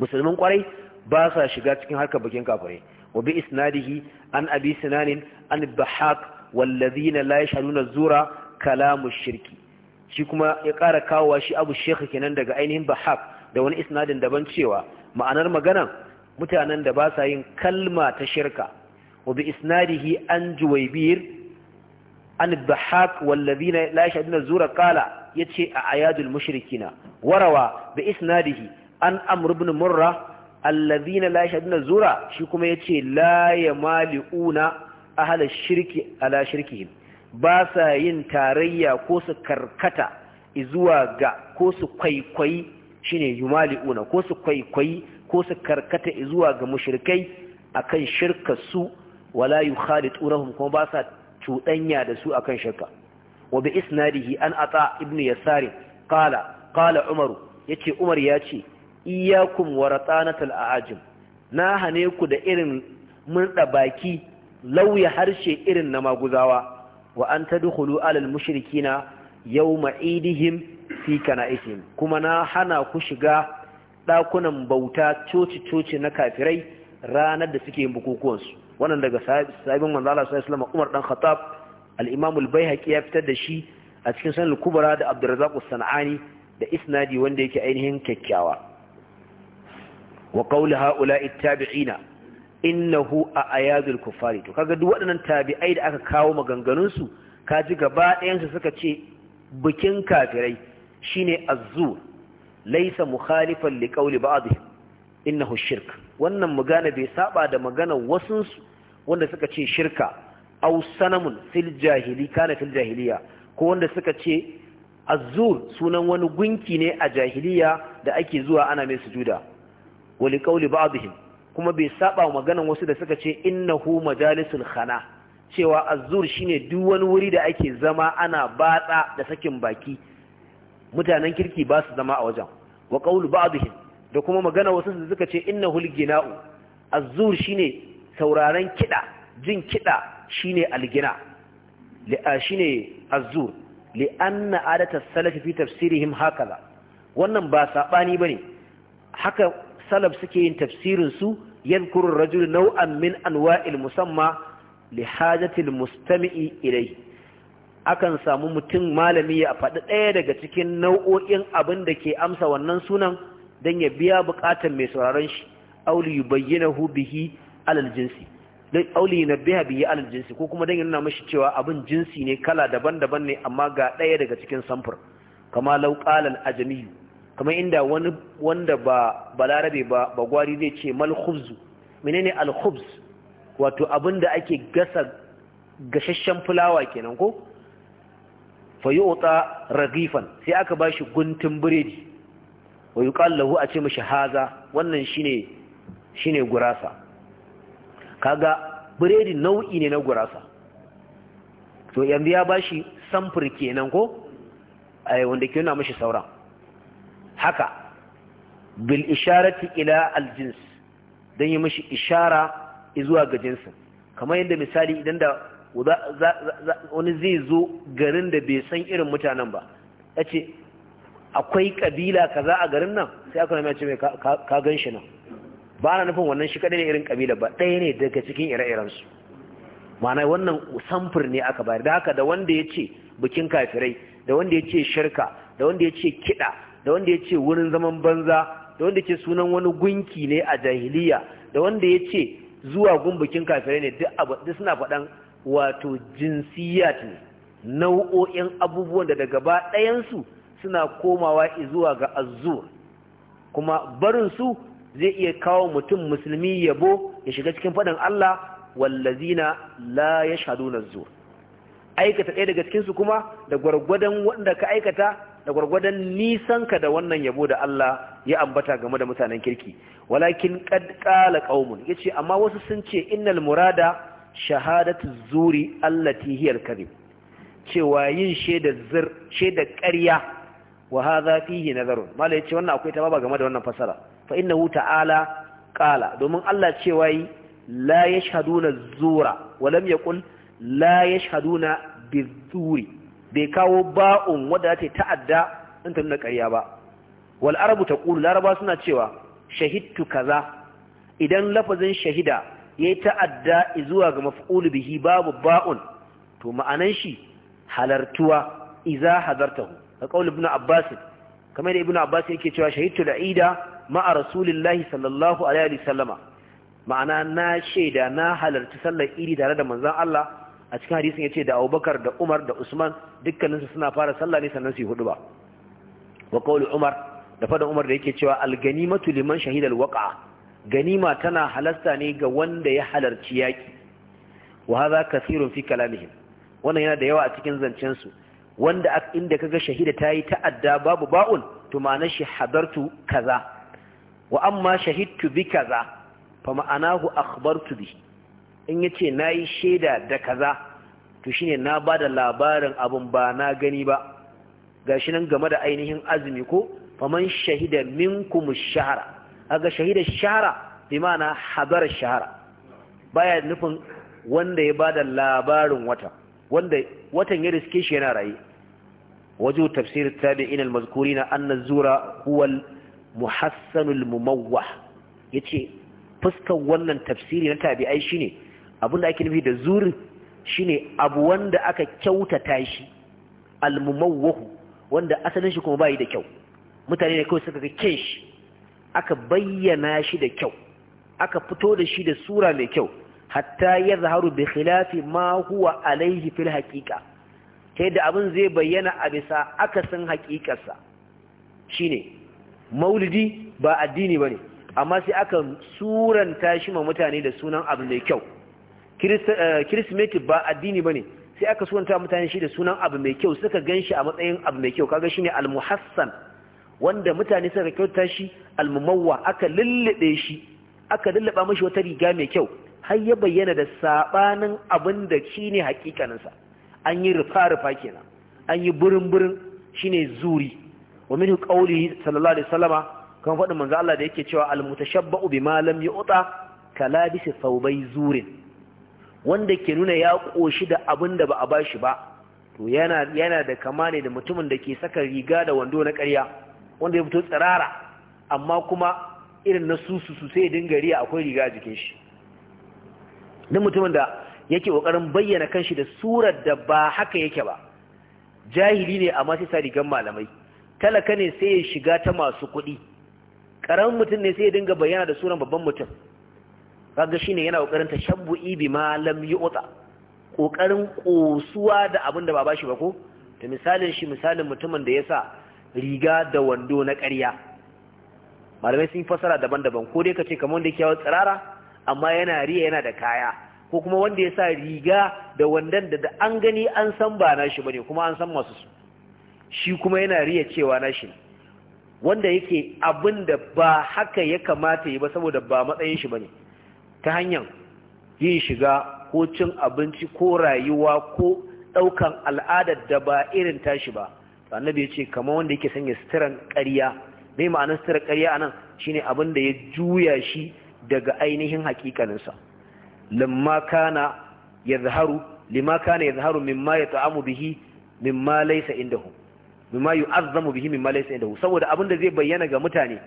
musulmin kwarai ba sa shiga cikin harkar bukin kafirai wa bi isnadihi an abi sinanin an bahak wallazina la yashaduna zura kalamu shirki shi kuma ya ƙara kawowa shi abu shekha kenan daga ainihin bahak da wani isnadin daban cewa ma'anar magana mutanen da ba sa yin kalma ta shirka wa bi isnadihi an juwaybir an dhahak wallazina la yashhaduna zura qala yace a ayadul mushrikina warawa bi isnadihi an amr ibn murra allazina la yashhaduna zura shi kuma yace la yamaliuna ahla shirki ala shirki ba sa yin tarayya ko su karkata zuwa su kwaikwayi shine yumaliuna ko su kwaikwayi ko su karkata zuwa ga mushrikai akan shirka su wala yukhalitunahum kuma ba cuɗanya da su akan shakka wa bi isnadihi an ata ibnu yasari qala qala umaru yace umar ya ce iyyakum wa ratanatul aajim na hane ku da irin murda baki lauya harshe irin na maguzawa wa an tadkhulu alal mushrikina yawma idihim fi kana'ihim kuma na hana ku shiga dakunan bauta coci coci na kafirai ranar da suke yin bukukuwansu wannan daga sahabin manzo Allah sallallahu alaihi Umar dan Khattab al-Imam al-Baihaqi ya fitar da shi a cikin sanin al-Kubra da Abdurrazzaq sanani da isnadi wanda yake ainihin kyakkyawa wa qawlu ha'ula'i at-tabi'ina innahu a ayazul kuffari to kaga duk waɗannan tabi'ai da aka kawo maganganun su kaji gaba ɗayan su suka ce bikin kafirai shine azzu laysa mukhalifan liqawli ba'dihim innahu shirk wannan magana bai saba da magana wasunsu wanda suka ce shirka aw sanamun fil jahili kana fil jahiliya ko wanda suka ce azzur sunan wani gunki ne a jahiliya da ake zuwa ana mai sujuda wa qawli ba'dihim kuma bai saba maganan wasu da suka ce innahu majalisul khana cewa azzur shine duk wani wuri da ake zama ana batsa da sakin baki mutanen kirki ba su zama a wajen wa qawlu ba'dihim da kuma magana wasu su suka ce inna hulgina'u azzur shine sauraron kiɗa jin kiɗa shine algina shine azzur li'anna adata salafi fi tafsirihim hakaza wannan ba sabani bane haka salaf suke yin tafsirin su yadhkuru rajul naw'an min anwa'il musamma li hajati mustamii ilayhi akan samu mutum malami ya faɗi ɗaya daga cikin nau'o'in abin da ke amsa wannan sunan dan ya biya bukatar mai sauraron shi auli yubayyinahu bihi alal jinsi dan auli biya bihi alal jinsi ko kuma dan ya nuna mishi cewa abin jinsi ne kala daban-daban ne amma ga ɗaya daga cikin samfur kama law qala al kamar inda wani wanda ba balarabe ba ba gwari zai ce mal khubzu menene al khubz wato da ake gasa gashashen fulawa kenan ko fayuta ragifan sai aka bashi guntun biredi wa yuqal lahu a ce mishi haza wannan shine shine gurasa kaga biredi nau'i ne na gurasa to yanzu ya bashi samfur kenan ko ai wanda ke nuna mishi sauran haka bil isharati ila al jins dan yi mishi ishara zuwa ga jinsin kamar yadda misali idan da wani zai zo garin da bai san irin mutanen ba yace akwai kabila kaza a garin nan sai aka nemi ce mai ka gan shi nan ba na nufin wannan shi kadai ne irin kabila ba ɗaya ne daga cikin ire-iren su Mana wannan samfur ne aka bayar da haka da wanda ya ce bikin kafirai da wanda ya ce shirka da wanda ya ce kiɗa da wanda ya ce wurin zaman banza da wanda ya sunan wani gunki ne a jahiliya da wanda ya ce zuwa gun bikin kafirai ne duk suna faɗan wato jinsiyat ne nau'o'in abubuwan da daga ba ɗayansu suna komawa zuwa ga Azur. kuma barin su zai iya kawo mutum musulmi yabo ya shiga cikin faɗin Allah wallazina la yashhaduna azur aikata ɗaya daga cikin su kuma da gwargwadon wanda ka aikata da gwargwadon nisan ka da wannan yabo da Allah ya ambata game da mutanen kirki walakin qad qala qaumun yace amma wasu sun ce innal murada shahadatu zuri allati hiya alkadib cewa yin shaidar ƙarya wa hadha fihi nazarun malai yace wannan akwai tababa game da wannan fasara fa innahu ta'ala qala domin Allah cewa yi la yashhaduna zura wa lam yaqul la yashhaduna bizuri bai kawo ba'un wadda ta ta'adda in ta nuna ƙarya ba wal arabu taqulu laraba suna cewa shahidtu kaza idan lafazin shahida yayi ta'adda zuwa ga maf'ul bihi babu ba'un to ma'anan shi halartuwa idza hadartahu a ibn abbas kamar da ibn abbas yake cewa shahidtu al ma'a rasulullahi sallallahu alaihi wasallama ma'ana na shaida na halarci sallar idi tare da manzon Allah a cikin hadisin yace da Abubakar da Umar da Usman dukkaninsu suna fara sallah ne sannan su yi huduba wa qawlu Umar da fadan Umar da yake cewa al-ganimatu liman shahidal waqa ganima tana halasta ne ga wanda ya halarci yaki wa hadha kathirun fi kalamihim wannan yana da yawa a cikin zancen su wanda inda kaga shahida tayi ta'adda babu ba'un to ma'anar shi hadartu kaza wa amma shahidtu bi kaza fa ma'anahu akhbartu bi. in yace nayi shaida da kaza to shine na bada labarin abun ba na gani ba gashi nan game da ainihin azumi ko Fa man shahida minkum shahara aga shahida shahara bi ma'ana hadar shahara baya nufin wanda ya bada labarin wata wanda watan ya riske shi yana raye وجه تفسير التابعين المذكورين أن الزور هو المحسن المموح يتي فسك ونن تفسيري نتابعي شيني أبونا أكين في الزور shine abu wanda aka kyautata shi almumawwahu wanda asalin shi kuma bai da kyau mutane ne kawai suka ga kyan shi aka bayyana shi da kyau aka fito da shi da sura mai kyau hatta ya zaharu bi khilafi ma huwa alaihi fil haqiqa ta da abin zai bayyana a bisa akasin hakikarsa shine maulidi ba addini ba ne, amma sai aka suranta shi ma mutane da sunan abu mai kyau kirismeti eh, ba addini ba ne, sai aka suranta mutane shi da sunan abu mai kyau suka ganshi a matsayin abu mai kyau kaga shi ne almuhassan wanda mutane suka kyauta shi almumawa aka lullube shi aka lullaba mashi wata riga mai kyau har ya bayyana da sabanin abin da shine hakikaninsa an yi rufa-rufa kenan an yi burin-burin shi ne zuri wa minhu ƙauli sallallahu alaihi salama kan faɗin manzo Allah da yake cewa ubi malam ya lam ka labisa saubai zurin wanda ke nuna ya ƙoshi da abin da ba a bashi ba to yana yana da kama ne da mutumin da ke saka riga da wando na karya, wanda ya fito tsirara amma kuma irin na susu sosai dinga riya akwai riga a jikin shi duk mutumin da yake kokarin bayyana kanshi da surar da ba haka yake ba jahili ne amma sai sa rigan malamai talaka ne sai ya shiga ta masu kuɗi karamin mutum ne sai ya dinga bayyana da suran babban mutum kaga shine yana kokarin tashabbu'i bi ma lam yu'ta kokarin kosuwa da abin da ba shi ba ko to misalin shi misalin mutumin da ya sa riga da wando na ƙarya malamai sun fassara daban-daban ko dai kace kamar wanda yake yawon tsirara amma yana riya yana da kaya ko kuma wanda ya sa riga da wandan da da an gani an san ba nashi bane kuma an san masu su shi kuma yana riya cewa nashi wanda yake abin da ba haka ya kamata yi ba saboda ba matsayin shi bane ta hanyar yin shiga ko cin abinci ko rayuwa ko ɗaukan al'adar da ba irin tashi ba annabi ya ce kamar wanda yake sanya sitiran ƙarya mai ma'anar sitiran ƙarya anan shine abin da ya juya shi daga ainihin haƙiƙaninsa. lamma kana yadhharu lima kana yadhharu mimma yata'amu bihi mimma laysa indahu mimma yu'azzamu bihi mimma laysa indahu saboda abin da zai bayyana ga mutane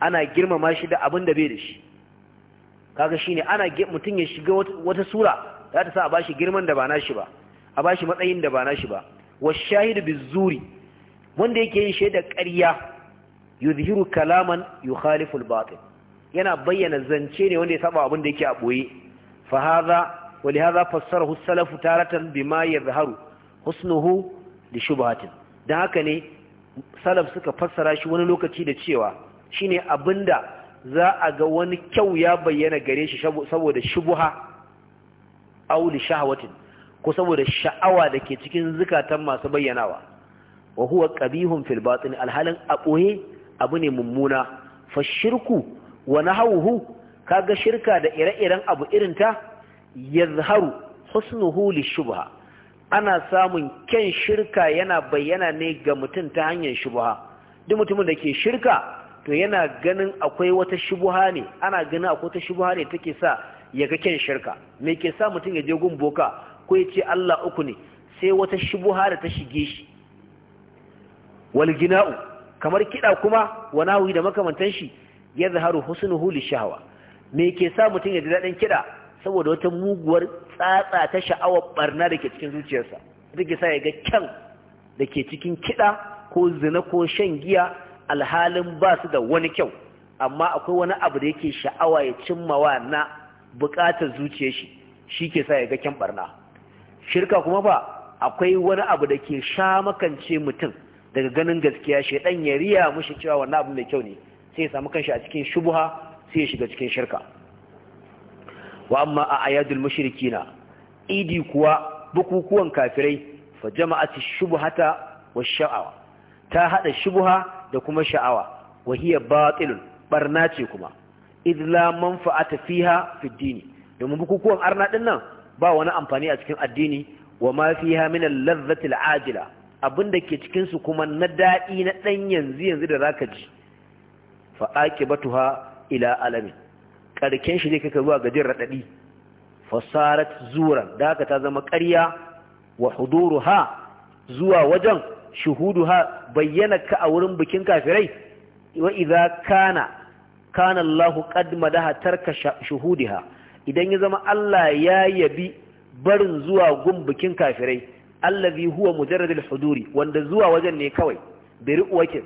ana girmama shi da abin da bai da shi kaga shine ana mutum ya shiga wata sura za ta sa a bashi girman da ba nashi ba a bashi matsayin da ba nashi ba washahidu bizuri wanda yake yin shaida ƙarya yuzhiru kalaman yukhalifu al-batil yana bayyana zance ne wanda ya saba abin da yake a boye fa hadha wa li hadha fassarahu as-salaf taratan bima yadhharu husnuhu li shubhatin dan haka ne salaf suka fassara shi wani lokaci da cewa shine abinda za a ga wani kyau ya bayyana gare shi saboda shubha aw li shahwatin ko saboda sha'awa da ke cikin zukatan masu bayyanawa wa huwa qabihun fil batin alhalin a abu ne mummuna fashirku wa hauhu? kaga shirka da ire-iren abu irin ta yazharu husnuhu shubha ana samun kyan shirka yana bayyana ne ga mutum ta hanyar shubha duk mutumin da ke shirka to yana ganin akwai wata shubha ne ana ganin akwai wata shubha ne take sa ya ga kyan shirka me ke sa mutum ya je gun boka ko ya ce Allah uku ne sai wata shubha da ta shige shi wal gina'u kamar kida kuma wa nahwi da makamantan shi husnu huli shahwa me ke sa mutum ya ji daɗin kiɗa saboda wata muguwar tsatsa ta sha'awar barna da ke cikin zuciyarsa ita ke sa ya ga kyan da ke cikin kiɗa ko zina ko shan giya alhalin ba su da wani kyau amma akwai wani abu da yake sha'awa ya cimmawa na buƙatar zuciyar shi shi ke sa ya ga kyan barna shirka kuma ba akwai wani abu da ke sha makance mutum daga ganin gaskiya shaidan ya riya mushi cewa wannan abu mai kyau ne sai ya samu kanshi a cikin shubuha sai ya shiga cikin shirka wa amma a ayadul mushrikina idi kuwa bukukuwan kafirai fa jama'at shubhata wa sha'awa ta hada shubha da kuma sha'awa wa hiya batilun barna ce kuma id la manfa'ata fiha fi dini domin bukukuwan arna din nan ba wani amfani a cikin addini wa ma fiha min al-ladhati al-ajila abinda ke cikin su kuma na dadi na dan yanzu yanzu da zaka ji fa aqibatuha ila alamin karken shi ne kai zuwa ga jin radadi fasarat zuran da haka ta zama ƙarya wa ha zuwa wajen ha bayyana ka a wurin bikin kafirai wa idza kana kana Allahu qad madaha tarka shuhudiha idan ya zama Allah ya yabi barin zuwa gun bikin kafirai allazi huwa al huduri wanda zuwa wajen ne kawai bi ru'wakin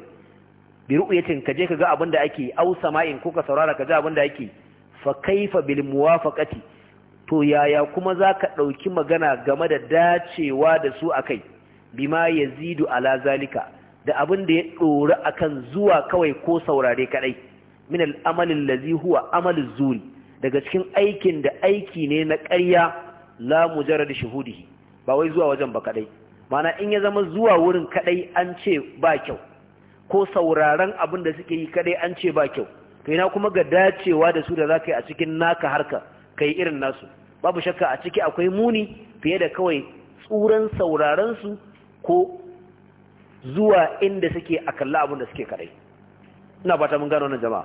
bi ru'yatin ka ka ga abin da ake au sama'in ko ka saurara ka ga abin da ake fa kaifa bil muwafaqati to yaya kuma zaka ɗauki magana game da dacewa da su akai bima yazidu ala zalika da abin da ya dori akan zuwa kawai ko saurare kaɗai? min al amal allazi huwa amal zuri daga cikin aikin da aiki ne na ƙarya la mujarrad shuhudihi ba wai zuwa wajen ba kaɗai. mana in ya zama zuwa wurin kaɗai an ce ba kyau ko sauraron abin da suke yi kadai an ce ba kyau to kuma ga dacewa da su da za ka yi a cikin naka harka ka yi irin nasu babu shakka a ciki akwai muni fiye da kawai tsuran saurarensu ko zuwa inda suke a kalla abin da suke kadai ina fata mun gano na jama'a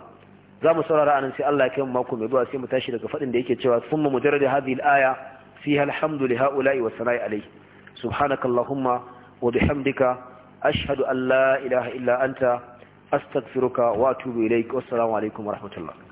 za mu saurara anan sai Allah ya kai mu mako mai zuwa sai mu tashi daga fadin da yake cewa summa mujarrad hadhihi al-aya fiha alhamdu li ha'ula'i wa sana'i alayhi subhanakallahumma wa bihamdika ashhadu an la ilaha illa anta astaghfiruka wa atubu ilaik wassalamu alaikum warahmatullahi